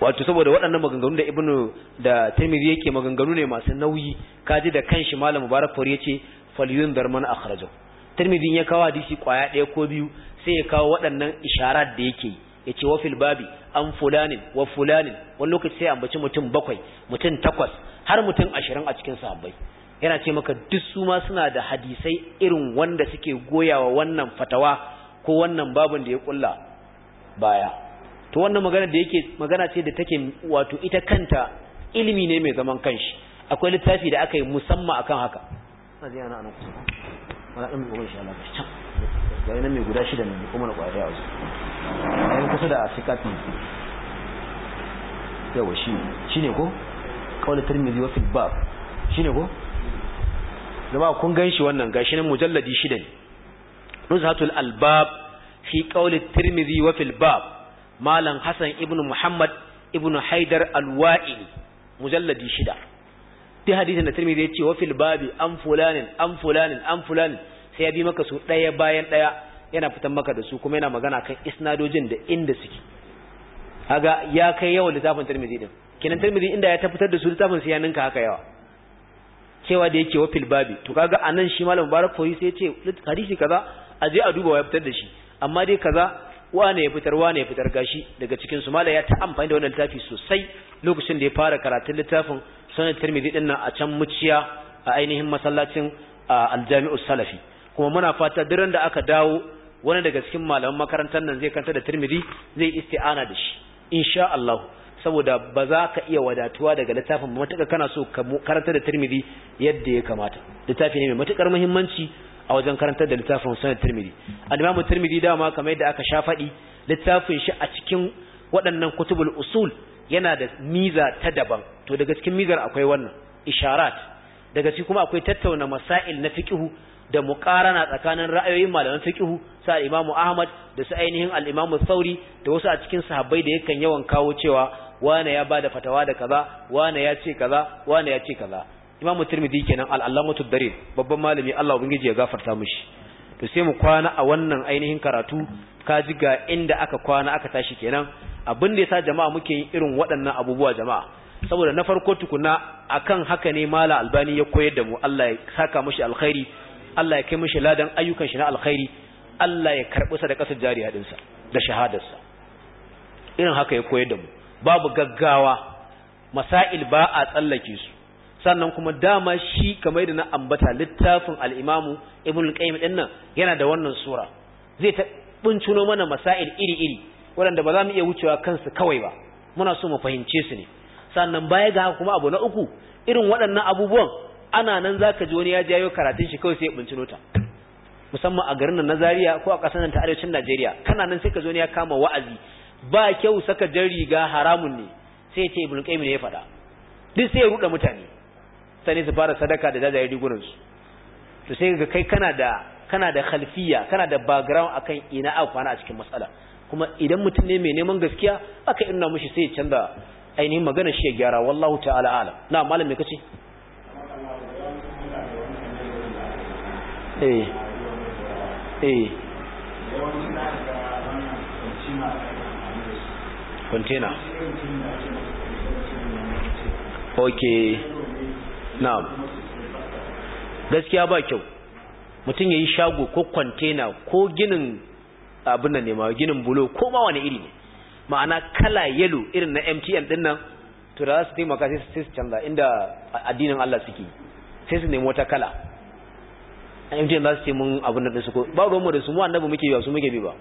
wato saboda waɗannan maganganu da ibnu da tirmidhi yake maganganu ne masu nauyi kaji da kanshi malam mubarak fari yace falyun darman akhrajo tirmidhi ya kawo hadisi kwaya ɗaya ko biyu sai ya kawo waɗannan isharar da yake yace wa fil babi an fulanin wa fulanin wani lokaci sai ambaci mutum bakwai mutum takwas har mutum ashirin a cikin sahabbai yana ce maka duk su ma suna da hadisai irin wanda suke goyawa wannan fatawa ko wannan babin da ya kulla baya to wannan magana da yake magana ce da take wato ita kanta ilimi ne mai zaman kanshi akwai littafi da aka yi musamman akan haka ga yanar mai guda shida ne kuma na kwaya yanzu a kusa da afikati yawa shi shi ne ko kawai tarmizi wasu ba shi ne ko zama kun gan shi wannan gashi nan mujalladi shida ne nuzhatul albab fi qawli tirmidhi wa fil bab malam Hassan ibn Muhammad ibn Haidar al-Wa'ili mujalladi shida Ti hadisin da Tirmidhi yace wa fil babi an fulanin an fulanin an fulanin sai ya bi maka su daya bayan daya yana fitan maka da su kuma yana magana kan isnadojin da inda suke kaga ya kai yawan littafin Tirmidhi din kenan Tirmidhi inda ya tafitar da su littafin sai ya ninka haka yawa cewa da yake wa fil babi to kaga anan shi malam Mubarak Fori sai ya ce hadisi kaza a je a duba ya fitar da shi amma dai kaza wane ya fitar wane ya fitar gashi daga cikin su ta amfani da wannan littafi sosai lokacin da ya fara karatun littafin sunan tirmidhi din nan a can muciya a ainihin masallacin aljami'u salafi kuma muna fata duran da aka dawo wani daga cikin malaman makarantar nan zai kanta da tirmidhi zai isti'ana da shi insha Allah saboda ba za ka iya wadatuwa daga littafin matuƙa kana so ka karanta da tirmidhi yadda ya kamata littafi ne mai matuƙar muhimmanci a wajen karantar da littafin sunan tirmidhi al-imamu dama kamar yadda aka sha faɗi littafin shi a cikin waɗannan kutubul usul yana da miza ta daban to daga cikin mizar akwai wannan isharat daga cikin kuma akwai tattauna masail na fiqhu da muqarana tsakanin ra'ayoyin malaman fiqhu sa al-imamu ahmad da su ainihin al-imamu thauri da wasu a cikin sahabbai da yakan yawan kawo cewa wane ya bada fatawa da kaza wane ya ce kaza wane ya ce kaza imamu tirmidhi kenan al-allamatu darir babban malami Allah ubangiji ya gafarta mishi to sai mu kwana a wannan ainihin karatu ka ji ga inda aka kwana aka tashi kenan abin da yasa jama'a muke yin irin waɗannan abubuwa jama'a saboda na farko tukuna akan haka ne mala albani ya koyar da mu Allah ya saka mishi alkhairi Allah ya kai mishi ladan ayyukan shi na alkhairi Allah ya karbi sa da jari haɗin sa da shahadarsa irin haka ya koyar da mu babu gaggawa masail ba a tsallake su sannan kuma dama shi kamar da na ambata littafin al'imamu ibn al ɗin nan yana da wannan sura zai ta bincino mana masail iri-iri waɗanda ba za mu iya wucewa kansu kawai ba muna so mu fahimce su ne sannan baya ga haka kuma abu na uku irin waɗannan abubuwan ana nan za ka ji wani ya jayo karatun shi kawai sai ya bincino ta musamman a garin na Zaria ko a ƙasar nan ta arewacin Najeriya kana nan sai ka zo ne ya kama wa'azi ba kyau saka jan riga haramun ne sai ya ce ibn qayyim ne ya faɗa duk sai ya ruɗa mutane sani su fara sadaka da jajaye rigunan su to sai ga kai kana da kana da khalfiya kana da background akan ina a kwana a cikin matsala kuma idan mutum ne mai neman gaskiya aka irna mushi sai ya canza ainihin magana shi ya gyara wallahu ta'ala alam na malam me kace eh eh container okay na'am gaskiya ba kyau mutum ya yi shago ko kwantena ko ginin abin nan ne ma ginin bulo ko ma wani iri ne ma'ana kala yalo irin na mtn din nan to da za su taimaka sai su canza inda addinin allah suke sai su nemi wata kala mtn za su ce mun abin nan su ko ba mu da su mu annabi muke ba su muke bi ba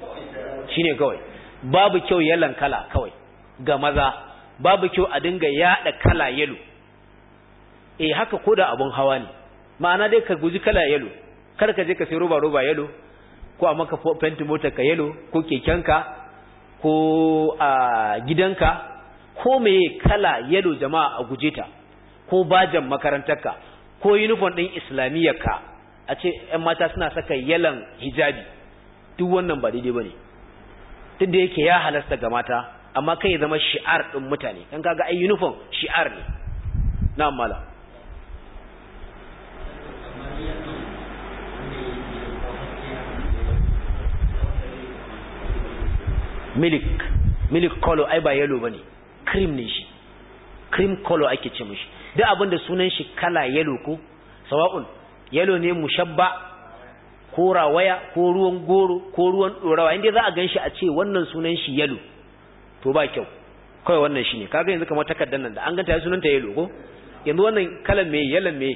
shine kawai babu kyau yalan kala kawai ga maza babu kyau a dinga yada kala yalo eh haka ko da abun hawa ne ma'ana dai ka guji kala yalo, kar ka je ka sai roba roba yalo, ko a maka fenti motar ka yellow ko kekenka ko a gidanka ko meye kala yalo jama'a a guje ta ko bajan makarantarka ko uniform din islamiyyarka a ce ‘yan mata suna saka yalan hijabi duk wannan ba daidai bane ne duk da yake ya halasta ga mata amma kai zama shi'ar ɗin mutane kan kaga ai uniform shi'ar ne na mala milik milik color ai ba yellow bane cream ne shi cream color ake ce mishi duk abinda sunan shi kala yellow ko sawa'un yellow ne mushabba ko rawaya ko ruwan goro ko ruwan dorawa inda za a ganshi a ce wannan sunan shi yellow to ba kyau kawai wannan shine kaga yanzu kamar takardan nan da an ganta ya sunanta yellow ko yanzu wannan kalan me yalan me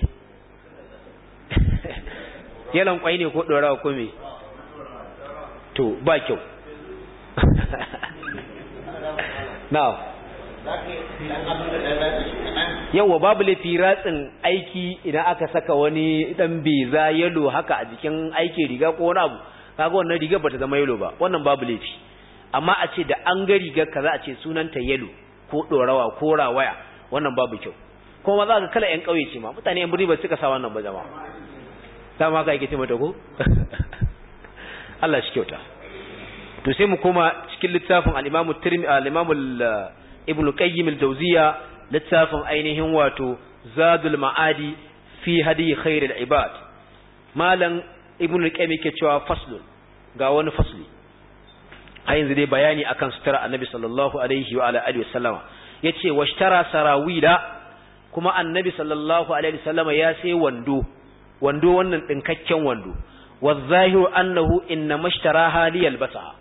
yalan kwai ne ko dorawa ko me to ba kyau na'am yawa babu laifi ratsin aiki idan aka saka wani dan beza yalo haka a jikin aikin riga ko wani abu kaga wannan ba bata zama yalo ba wannan babu laifi amma a ce da an ga rigar kaza a ce sunanta yalo ko dorawa ko rawaya wannan babu kyau kuma ma za ka kala yan kauye ce ma mutane yan birni ba suka sa wannan ba jama'a ta ma ka yake ce mata ko Allah shi kyauta to sai mu koma cikin littafin al-Imam al-Imam Ibn Qayyim al-Jawziya littafin ainihin wato Zadul Ma'adi fi hadi khairil ibad malam Ibn Qayyim yake cewa faslun ga wani fasli a yanzu dai bayani akan sutura annabi sallallahu alaihi wa alihi wasallama yace washtara sarawila kuma annabi sallallahu alaihi wa wasallama ya sai wando wando wannan dinkakken wando Wa zahiru, annahu inna mashtaraha liyalbasaha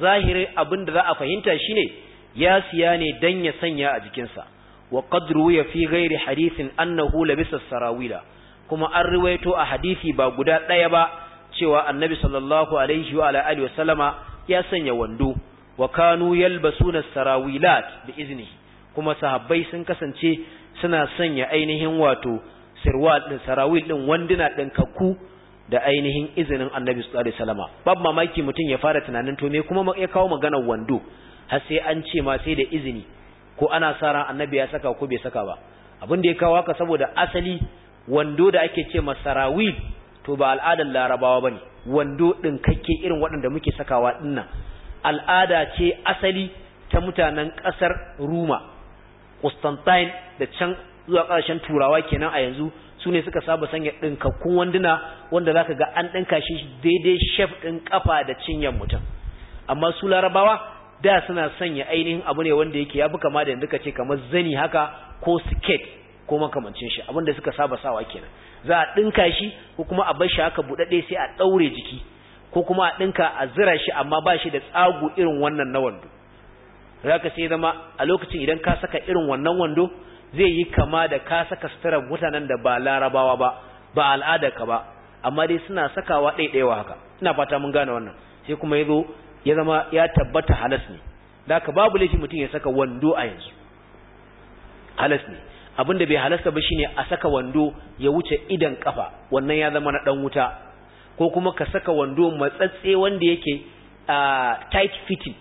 zahirin abin da za a fahimta shine ya siya ne dan ya sanya a jikinsa wa qadru ya fi gairi hadithin annahu Labisar sarawila kuma an riwayato a hadisi ba guda ɗaya ba cewa annabi sallallahu alaihi wa ya sanya wando wa kanu yalbasuna sarawilat bi izni kuma sahabbai sun kasance suna sanya ainihin wato sirwal din sarawil din wanduna din kakku da ainihin izinin annabi sallallahu alaihi wasallama babu mamaki mutum ya fara tunanin to me kuma ya kawo maganar wando har sai an ce ma sai da izini ko ana sa ran annabi ya saka ko bai saka ba abin da ya kawo haka saboda asali wando da ake ce masarawil to ba al'adar larabawa bane wando din kakke irin waɗanda muke sakawa dinnan al'ada ce asali ta mutanen ƙasar Roma Constantine da can zuwa ƙarshen turawa kenan a yanzu su ne suka saba sanya ɗinkakkun wanduna wanda za ka ga an ɗinka shi daidai shef ɗin ƙafa da cinyar mutum amma su larabawa da suna sanya ainihin abu ne wanda yake ya fi kama da yanzu ka ce kamar zani haka ko siket ko makamancin shi abin da suka saba sawa kenan za a ɗinka shi ko kuma a bar shi haka buɗaɗɗe sai a ɗaure jiki ko kuma a ɗinka a zira shi amma ba shi da tsago irin wannan na wando za ka sai zama a lokacin idan ka saka irin wannan wando zai yi kama da ka saka sutarar mutanen da ba larabawa ba ba ka ba amma dai suna sakawa wa haka ina fata mun gane wannan sai kuma ya zo ya zama ya tabbata halas ne da ka babu laifin mutum ya saka wando a yanzu halas ne abin da bai halasta ba shine a saka wando ya wuce idan kafa wannan ya zama na dan wuta ko kuma ka saka wando matsatse wanda yake ah, tight fitting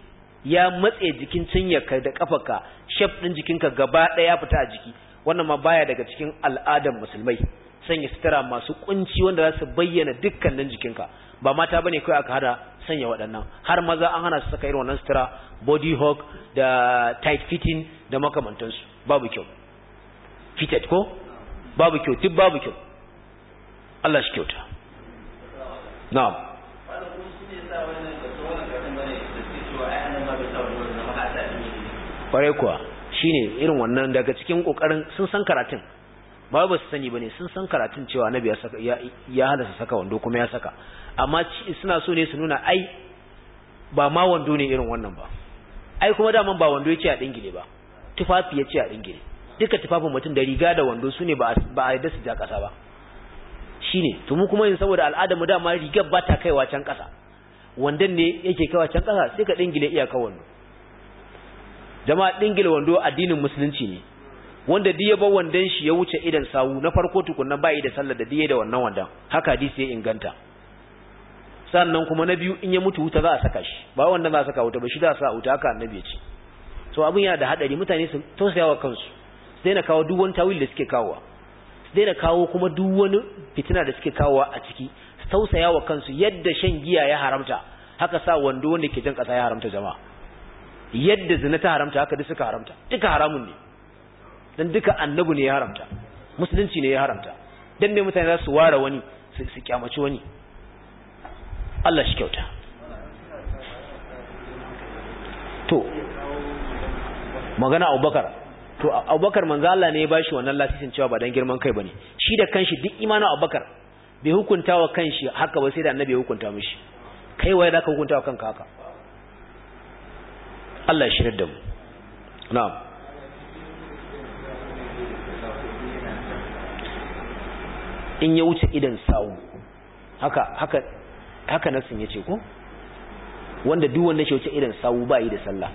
ya matse jikin cinyarka da kafarka shaf ɗin jikinka gaba ɗaya fita a jiki wannan ma baya daga cikin al'adar musulmai sanya sutura masu kunci wanda za su bayyana dukkanin jikinka ba mata bane kai aka hada sanya waɗannan har maza an hana su saka irin wannan sutura body hug da tight fitting da makamantansu babu kyau fitted ko babu kyau duk babu kyau Allah shi kyauta na'am kwarai kuwa shine irin wannan daga cikin kokarin sun san karatun ba ba su sani bane sun san karatun cewa annabi ya saka ya halasa saka wando kuma ya saka amma suna so ne su nuna ai ba ma wando ne irin wannan ba ai kuma daman ba wando ce a dingile ba tufafi ce a dingile duka tufafin mutum da riga da wando su ne ba a dasu ja kasa ba shine to mu kuma yin saboda al'ada mu dama rigar ba ta kaiwa can kasa wandan ne yake kaiwa can kasa sai ka dingile iyakar wando jama'a dingil wando addinin musulunci ne wanda diya ba wandan shi ya wuce idan sawu na farko tukunna bai da sallar da diya da wannan wandan haka hadisi ya inganta sannan kuma na biyu in ya mutu wuta za a saka shi ba wanda za a saka wuta ba shi za a sa wuta haka annabi ya ce to abin yana da hadari mutane su tausayawa kansu su daina kawo duk wani tawil da suke kawowa su daina kawo kuma duk wani fitina da suke kawowa a ciki su tausayawa kansu yadda shan giya ya haramta haka sa wando wanda ke jan kasa ya haramta jama'a yadda zina ta haramta haka duk suka haramta duka haramun ne dan duka annabi ne ya haramta musulunci ne ya haramta dan ne mutane za su ware wani su kyamaci wani Allah shi kyauta to magana Abubakar to Abubakar manzo Allah ne ya bashi wannan lasisin cewa ba dan girman kai bane shi da kanshi duk imanin Abubakar bai hukunta wa kanshi haka ba sai da annabi ya hukunta mishi kai waye ka hukunta wa kanka haka Allah ya shirya da mu na'am in ya wuce idan sawu haka haka haka nasin yace ko wanda duk wanda ke wuce idan sawu ba yi da sallah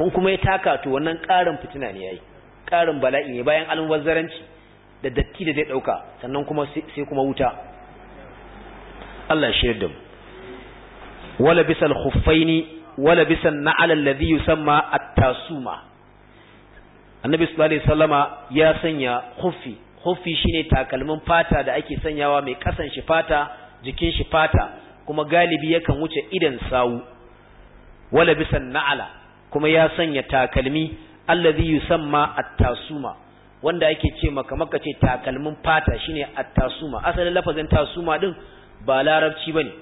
in kuma ya taka to wannan ƙarin fitina ne yayi ƙarin bala'i ne bayan almubazzaranci da datti da zai dauka sannan kuma sai kuma wuta Allah ya shirya da mu wala bisal khuffaini wala bisan na'al alladhi yusamma at-tasuma annabi sallallahu alaihi wasallama ya sanya khuffi khuffi shine takalmin fata da ake sanyawa mai kasan shi fata jikin shi fata kuma galibi yakan wuce idan sawu wala bisan na'ala kuma ya sanya takalmi alladhi yusamma at-tasuma wanda ake ce maka maka ce takalmin fata shine at-tasuma asalin lafazin tasuma din ba larabci bane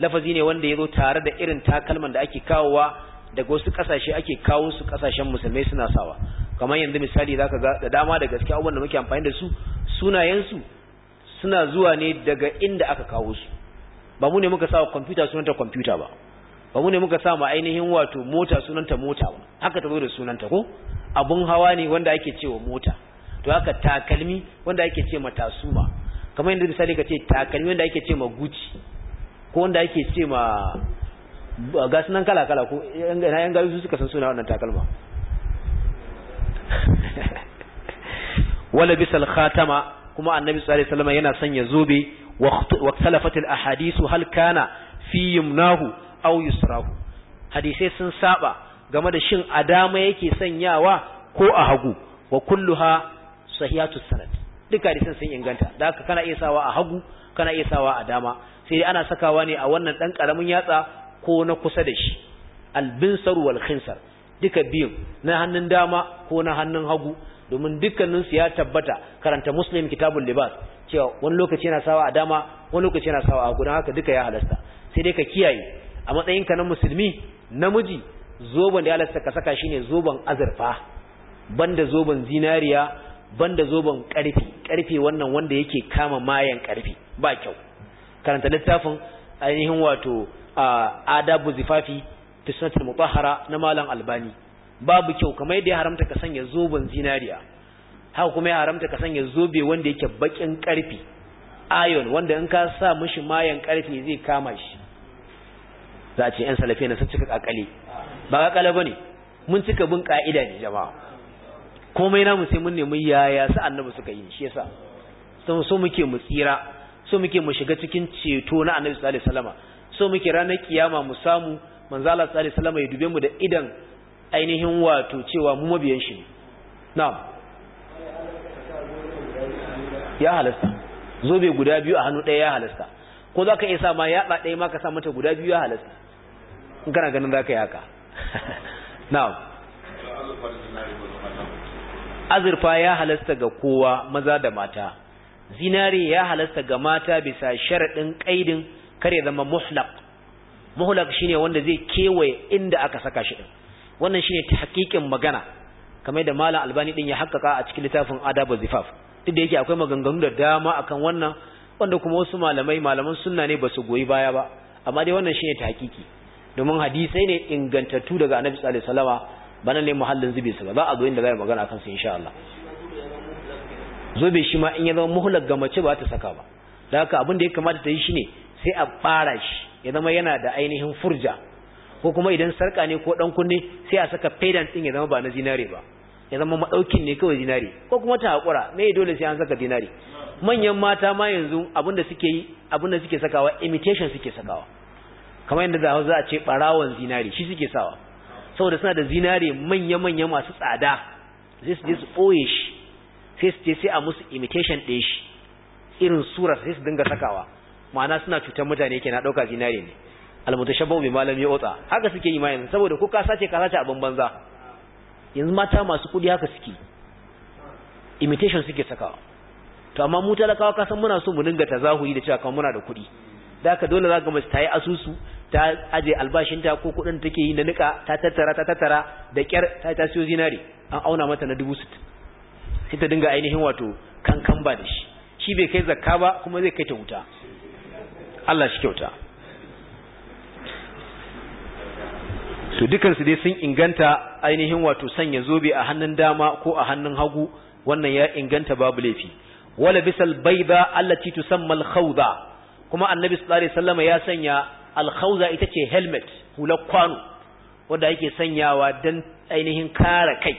lafazi ne wanda ya zo tare da irin takalman da ake kawowa daga wasu kasashe ake kawo su kasashen musulmai suna sawa kamar yanzu misali ka ga da dama da gaske abubuwan da muke amfani da su sunayensu suna zuwa ne daga inda aka kawo su ba mu ne muka sa kwamfuta sunanta kwamfuta ba ba mu ne muka sa ainihin wato mota sunanta mota ba haka ta zo da sunanta ko abun hawa ne wanda ake cewa mota to haka takalmi wanda ake ce ma tasuma kamar yanzu misali ka ce takalmi wanda ake ce ma guci ko wanda ake ce ma ga sunan kala kala ko yan gayu su suka san suna wannan takalma wala bisal khatama kuma annabi sallallahu alaihi wasallam yana sanya zobe wa salafatil ahadisu hal kana fi yumnahu aw yusrahu hadisai sun saba game da shin adama yake sanyawa ko a hagu wa kulluha sahihatu sanad duka hadisin sun inganta da haka kana iya sawa a hagu kana iya sawa a dama sai dai ana sakawa ne a wannan dan karamin yatsa ko na kusa da shi albinsar wal khinsar duka biyun na hannun dama ko na hannun hagu domin dukkanin su ya tabbata karanta muslim kitabul libas cewa wani lokaci yana sawa a dama wani lokaci yana sawa a hagu haka duka ya halasta sai dai ka kiyaye a matsayin ka na musulmi namiji zoban da ya halasta ka saka shine zoban azurfa banda zoben zinariya banda zoben karfi karfe wannan wanda yake kama mayan karfi ba kyau karanta littafin ainihin wato adabu zifafi fi sunnatul mutahhara na malam albani babu kyau kamar yadda ya haramta ka sanya zoben zinariya haka kuma ya haramta ka sanya zobe wanda yake bakin karfi ayon, wanda in ka sa mishi mayan karfi zai kama shi za a ce yan salafi na sun cika kakale ba kakale ne. mun cika bin ka'ida ne jama'a komai namu sai mun nemi yaya na annabi suka yi shi yasa sun so muke mu tsira so muke mu shiga cikin ceto na annabi sallallahu alaihi wasallam so muke ranar kiyama mu samu manzo Allah sallallahu alaihi wasallam ya dube mu da idan ainihin wato cewa mu mabiyan shi na'am ya halasta zobe guda biyu a hannu ɗaya ya halasta ko zaka iya sa ma yaɗa ɗaya ma ka sa mata guda biyu ya halasta in kana ganin zaka yi haka na'am azurfa ya halasta ga kowa maza da mata zinare ya halasta ga mata bisa sharaɗin ƙaidin kare zama muhlaq muhlaq shine wanda zai kewaye inda aka saka shi din wannan shine hakikin magana kamar da malam albani din ya hakkaka a cikin littafin adabu zifaf duk da yake akwai maganganu da dama akan wannan wanda kuma wasu malamai malaman sunna ne basu goyi baya ba amma dai wannan shine hakiki domin hadisai ne ingantattu daga annabi sallallahu alaihi wasallama bana ne muhallin zubi su ba za a zo inda zai magana akan su insha Allah zobe shi ma in ya zama muhlar ga mace ba ta saka ba da haka abin da ya kamata ta yi shine sai a bara shi ya zama yana da ainihin furja ko kuma idan sarka ne ko dan kunne sai a saka pedant din ya zama ba na zinare ba ya zama madaukin ne kawai zinare ko kuma ta hakura me dole sai an saka zinare manyan mata ma yanzu da suke yi da suke sakawa imitation suke sakawa kamar yadda za za a ce barawon zinare shi suke sawa saboda suna da zinare manya-manya masu tsada zai su je su ɓoye shi sai su je sai a musu imitation ɗin shi irin sura sai su dinga sakawa ma'ana suna cutar mutane ke na ɗauka zinare ne almutashabbahu mai malam otsa haka suke yi mayan saboda ko ka sace ka sace abin banza yanzu mata masu kuɗi haka suke imitation suke sakawa to amma mu talakawa ka san muna so mu dinga tazahuri da cewa kan muna da kuɗi da haka dole za ka mace ta yi asusu ta aje albashinta ko kudin take yi na nika ta tattara ta tattara da kyar ta ta siyo zinare an auna mata na dubu sittin sai ta dinga ainihin wato kankan ba da shi shi bai kai zakka ba kuma zai kai ta wuta Allah shi kyauta to dukansu dai sun inganta ainihin wato sanya zobe a hannun dama ko a hannun hagu wannan ya inganta babu laifi wala bisal bayda allati tusamma al-khawda kuma annabi sallallahu alaihi wasallam ya sanya al khawda ita ce helmet hular kwano wanda yake sanyawa dan ainihin kare kai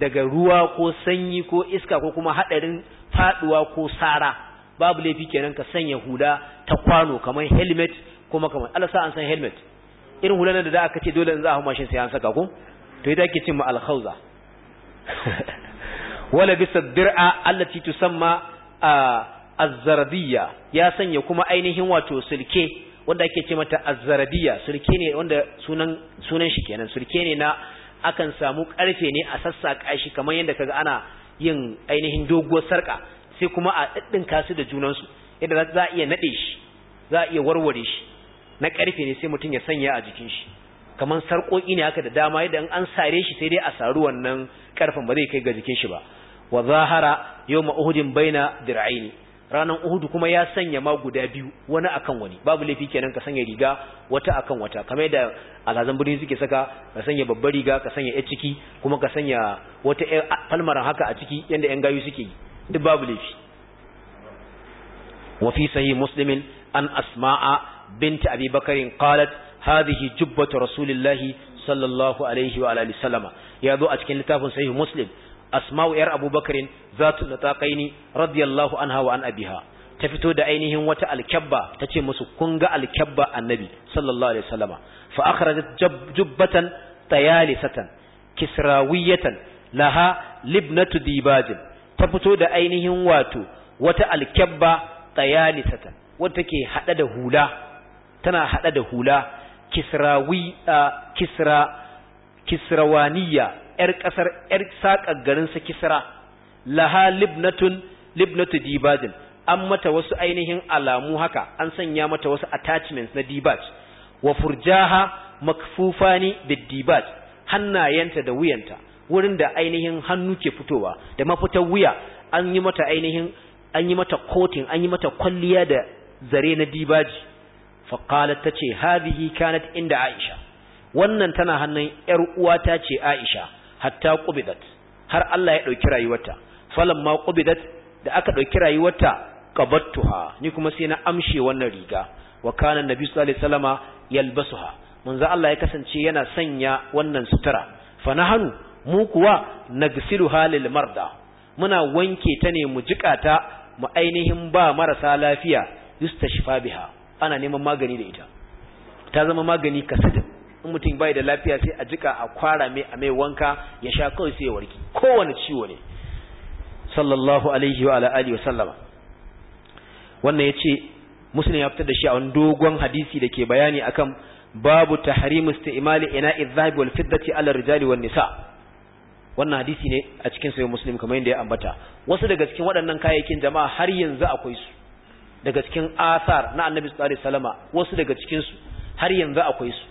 daga ruwa ko sanyi ko iska ko kuma hadarin faɗuwa ko sara babu laifi kenan ka sanya hula ta kwano kamar helmet kuma kamar Allah sa an san helmet irin hulan da za aka ce dole in za a hau mashin sai an saka ko to ita ake cin ma al-khawza wala bisa dir'a allati tusamma az ya sanya kuma ainihin wato sulke wanda ake ce mata az-zaradiyya sulke ne wanda sunan sunan shi kenan sulke ne na akan samu karfe ne a sassaƙa shi kamar yadda kaga ana yin ainihin doguwar sarƙa, sai kuma a ɗinka su da junansu yadda za a iya naɗe shi za a iya warware shi na karfe ne sai mutum ya sanya a jikin shi kamar sarƙoƙi ne haka da dama yadda an sare shi sai dai a saru wannan karfen ba zai kai ga jikin shi ba wa zahara yawma uhudin baina dir'aini ranan uhudu kuma ya sanya ma guda biyu wani akan wani babu laifi kenan ka sanya riga wata akan wata kamar da alhazan birni suke saka ka sanya babbar riga ka sanya yar ciki kuma ka sanya wata falmaran haka a ciki yadda yan gayu suke yi duk babu laifi wa fi sahih muslimin an asma'a bint abi bakarin qalat hadhihi jubbatu rasulillahi sallallahu alaihi wa alihi sallama ya zo a cikin littafin sahih muslim asma'u yar abubakarin zatu nataqaini radiyallahu anha wa an abiha ta fito da ainihin wata alkabba ta ce musu kun ga alkabba annabi sallallahu alaihi wasallama fa akhrajat jubbatan tayalisatan kisrawiyatan laha libnatu dibajin ta fito da ainihin wato wata alkabba tayalisatan wadda take hada da hula tana hada da hula kisrawi kisra kisrawaniya 'yar ƙasar 'yar saƙa garin su kisra laha libnatun libnatu dibajin an mata wasu ainihin alamu haka an sanya mata wasu attachments na dibaj wa furjaha makfufani da dibaj hannayenta da wuyanta wurin da ainihin hannu ke fitowa da mafitar wuya an yi mata ainihin an yi mata coating an yi mata kwalliya da zare na dibaji faqalat tace hadhihi kanat inda aisha wannan tana hannun yar uwata ce aisha hatta qubidat har Allah ya dauki rayuwarta ma qubidat da aka dauki rayuwarta qabattuha ni kuma sai na amshe wannan riga wa kana nabi sallallahu alaihi wasallama yalbasuha manzo Allah ya kasance yana sanya wannan sutura fa nahanu mu kuwa nagsiluha lil marda muna wanke ta ne mu jikata mu ainihin ba marasa lafiya yustashfa biha ana neman magani da ita ta zama magani kasadin in mutum bai da lafiya sai a jika a kwara mai a mai wanka ya sha kawai sai ya warki kowane ciwo ne sallallahu alaihi wa alihi wa sallama wannan yace muslim ya fitar da shi a wani dogon hadisi da ke bayani akan babu tahrim isti'mal ina'i adh-dhahab wal fiddati ala rijali wan nisa wannan hadisi ne a cikin sahih muslim kamar yadda ya ambata wasu daga cikin waɗannan kayayyakin jama'a har yanzu akwai su daga cikin asar na annabi sallallahu alaihi wasallama wasu daga cikin su har yanzu akwai su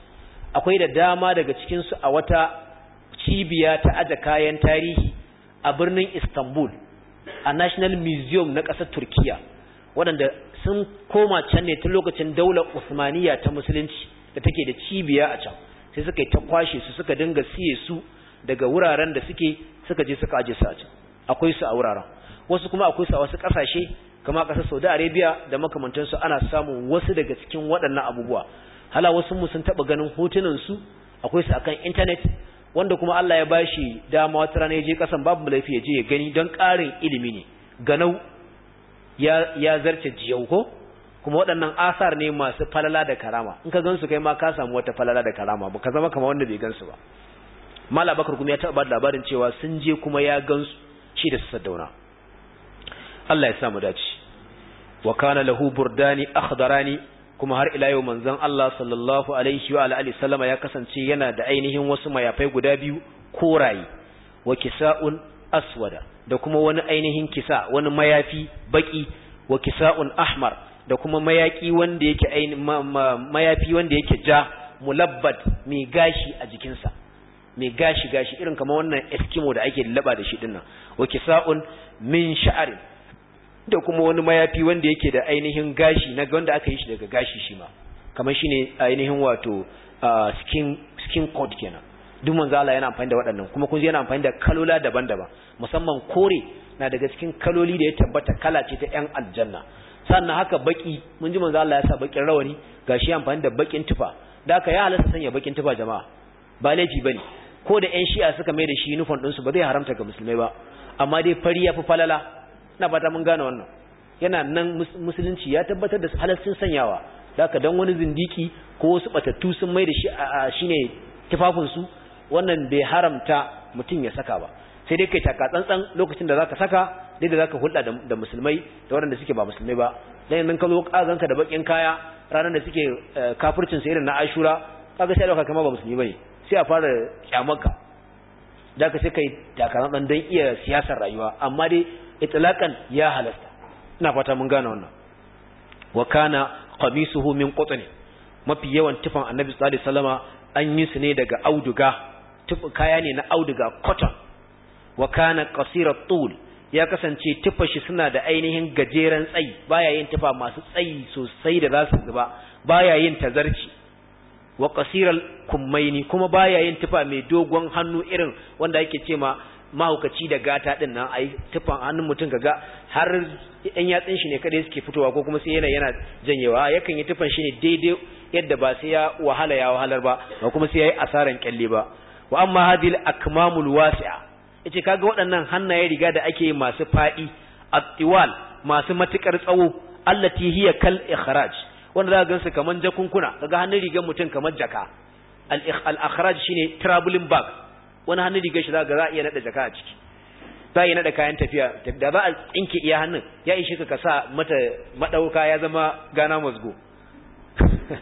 akwai da dama daga cikinsu a wata cibiya ta aje kayan tarihi a birnin istanbul a national museum na ƙasar turkiya waɗanda sun koma can ne ta lokacin daular Usmaniyya ta musulunci da take da cibiya a can sai suka yi ta kwashe su suka dinga siye su daga wuraren da suke suka je suka aje su a can akwai su a wuraren wasu kuma akwai su a wasu ƙasashe kama ƙasar saudi arabia da makamantansu ana samun wasu daga cikin waɗannan abubuwa hala wasu mu sun taba ganin hotunan su akwai su akan internet wanda kuma Allah ya bashi dama wata rana ya je kasan babu laifi ya je ya gani don karin ilimi ne ganau ya ya zarce jiyau ko kuma waɗannan asar ne masu falala da karama in ka gansu kai ma ka samu wata falala da karama ba ka zama kamar wanda bai gansu ba mala bakar kuma ya taɓa labarin cewa sun je kuma ya gansu shi da su saddauna Allah ya sa dace wa kana lahu burdani akhdarani kuma har ila yau manzon Allah sallallahu alaihi wa alihi sallama ya kasance yana da ainihin wasu mayafai guda biyu koraye wa kisa'un aswada da kuma wani ainihin kisa wani mayafi baki wa kisa'un ahmar da kuma mayaki wanda yake mayafi wanda yake ja mulabbad mai gashi a jikinsa mai gashi gashi irin kamar wannan eskimo da ake laba da shi dinnan wa kisa'un min sha'arin da kuma wani mayafi wanda yake da ainihin gashi na wanda aka yi shi daga gashi shi ma kamar shine ainihin wato skin skin coat kenan duk manzo Allah yana amfani da waɗannan kuma kun yana amfani da kalola daban-daban musamman kore na daga cikin kaloli da ya tabbata kala ce ta ƴan aljanna sannan haka baki mun ji manzo Allah ya sa bakin rawani gashi amfani da bakin tufa da haka ya halasta sanya bakin tufa jama'a ba laifi bane ko da ƴan shi'a suka mai da shi uniform ɗinsu ba zai haramta ga musulmai ba amma dai fari ya fi falala na fata mun gane wannan yana nan musulunci ya tabbatar da halaccin sanyawa zaka dan wani zindiki ko wasu batattu sun mai da shi a shine tufafin su wannan bai haramta mutum ya saka ba sai dai kai taka tsantsan lokacin da zaka saka dai da zaka hulɗa da musulmai da waɗanda suke ba musulmai ba dan nan ka zo kazanka da bakin kaya ranar da suke eh, kafircin sa irin na Ashura kaga sai dauka kama ba musulmi bane sai a fara kyamarka ka sai kai taka tsantsan dan iya siyasar rayuwa amma dai itlaqan ya halasta ina fata mun gane wannan wa kana qamisuhu min qutni mafi yawan tufan annabi sallallahu alaihi wasallama an yi su ne daga auduga tufa kaya ne na auduga cotton wa kana qasira tul ya kasance tufa shi suna da ainihin gajeren tsayi baya yin tufa masu tsayi sosai da za su zuba baya yin tazarci wa qasiral Kumaini kuma baya yin tufa mai dogon hannu irin wanda ake ce mahaukaci da gata din nan ai tufan hannun mutum kaga har ɗan yatsin shi ne kadai suke fitowa ko kuma sai yana yana janyewa yakan yi tufan shi ne daidai yadda ba sai ya wahala ya wahalar ba ba kuma sai yayi asaran kyalle ba wa amma hadil akmamul wasi'a yace kaga waɗannan hannaye riga da ake masu fadi atiwal masu matukar tsawo allati hiya kal ikhraj wanda za gansu kaman jakunkuna kaga hannun rigar mutum kamar jaka al ikhraj shine traveling bag wani hannun riga shi za ga za a iya nada jaka a ciki za a iya nada kayan tafiya da za a tsinke iya hannun ya ishe ka sa mata madauka ya zama gana mazgo.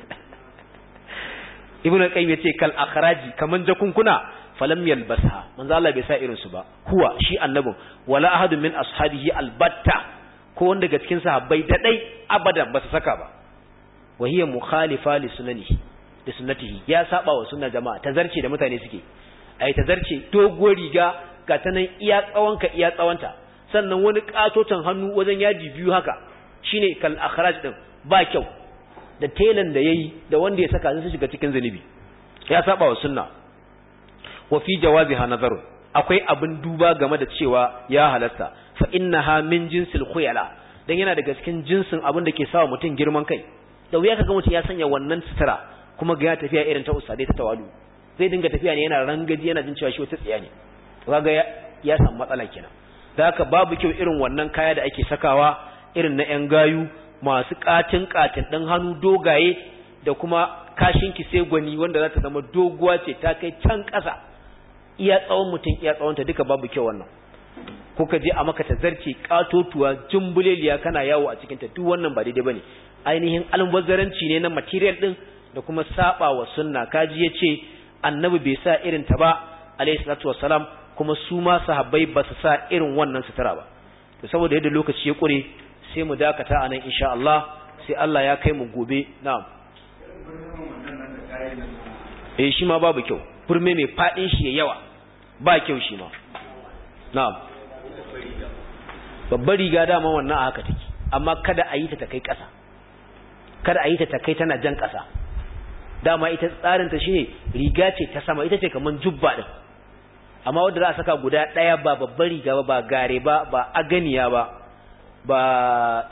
Ibn al ya ce kal akhraji kaman jakunkuna falam yalbasha manzo Allah bai sa irin su ba huwa shi annabin wala ahadun min ashabihi albatta ko wanda daga cikin sahabbai dadai abadan ba su saka ba wahiya mukhalifa li sunanihi da sunnatihi ya saba wa sunna jama'a ta zarce da mutane suke ai ta zarce doguwar riga ga ta nan iya tsawonka iya tsawonta sannan wani katotan hannu wajen yaji biyu haka shine kal akhraj din ba kyau da telan da yayi da wanda ya saka zai shiga cikin zanibi ya saba wa sunna wafi fi jawaziha nazaru akwai abin duba game da cewa ya halatta fa innaha min jinsil khuyala dan yana daga cikin jinsin abin da ke sawa mutum girman kai da wuya kaga mutum ya sanya wannan sutura kuma ga ya tafiya irin ta dai ta tawalu zai dinga tafiya ne yana rangaji yana jin cewa shi wata tsiya ne kaga ya samu matsala kenan zaka haka babu kyau irin wannan kaya da ake sakawa irin na yan gayu masu katin katin ɗin hannu dogaye da kuma kashin ki sai gwani wanda za ta zama doguwa ce ta kai can ƙasa iya tsawon mutum iya tsawonta duka babu kyau wannan ko ka je a maka ta zarce katotuwa jumbuleliya kana yawo a cikin ta duk wannan ba daidai bane ainihin almubazzaranci ne na material din da kuma saba wa sunna kaji yace annabi bai sa irin ta ba alayhi salatu salam kuma su ma sahabbai ba su sa irin wannan sutura ba to saboda yadda lokaci ya kure sai mu dakata anan insha Allah sai Allah ya kai mu gobe na'am eh shi ma babu kyau furme mai fadin shi ya yawa ba kyau shi ma na'am babbar riga dama wannan a haka take amma kada a yi ta ta kai ƙasa kada a yi ta ta kai tana jan ƙasa dama ita tsarin ta shine riga ce ta sama ita ce kaman jubba din amma wanda za a saka guda ɗaya ba babban riga ba ba gare ba ba aganiya ba ba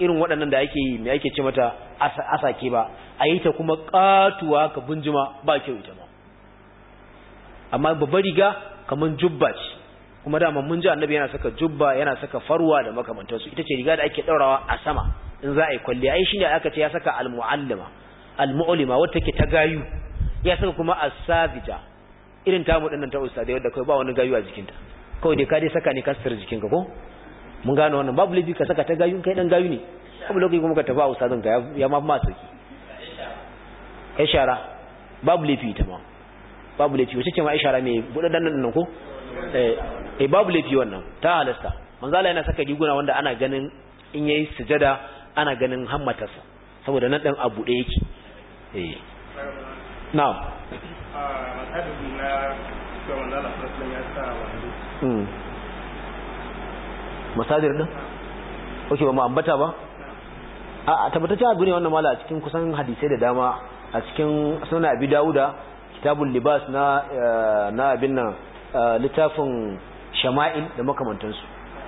irin waɗannan da ake yi me ake ce mata asake ba a yi ta kuma katuwa ka bunjuma ba kyau ita ba amma babban riga kaman jubba ce kuma dama mun ji annabi yana saka jubba yana saka farwa da makamantansu ita ce riga da ake daurawa a sama in za a yi kwalliya ai shine aka ce ya saka al al-mu'lima wata ke ta gayu ya saka kuma as-sabija irin ta mu dinnan ta ustadai wanda kai ba wani gayu a jikinta kawai dai ka dai saka ne ka sirri jikinka ko mun gano wannan babu laifi ka saka ta gayu kai dan gayu ne babu lokaci kuma ka tafi a ustadin ka ya ma ma sauki Ishara babu laifi ita ma babu laifi wace ce ma ishara mai dan nan ko eh, eh babu laifi wannan ta halasta manzo Allah yana saka diguna wanda ana ganin in yayi sujada ana ganin hammatarsa saboda nan dan abu da yake Eh. na'am ah, hmm. ba mu ambata ba a tabbatacce abu ne wannan mala a cikin kusan hadisai da dama a cikin sunan abi dawuda kitabun libas eh, na abin nan eh, littafin shama'il da makamantansu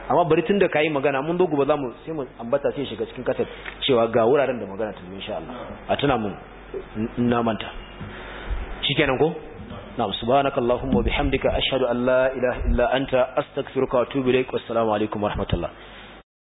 amma bari tun da kayi magana mun dogo ba za mu sai mu ambata sai shiga cikin kasar cewa ga wuraren da magana tun insha Allah a tuna mun na manta kenan ko na'am subhanakallahumma wa bihamdika ashhadu an la ilaha illa anta astaghfiruka wa atubu ilaik wassalamu alaikum warahmatullahi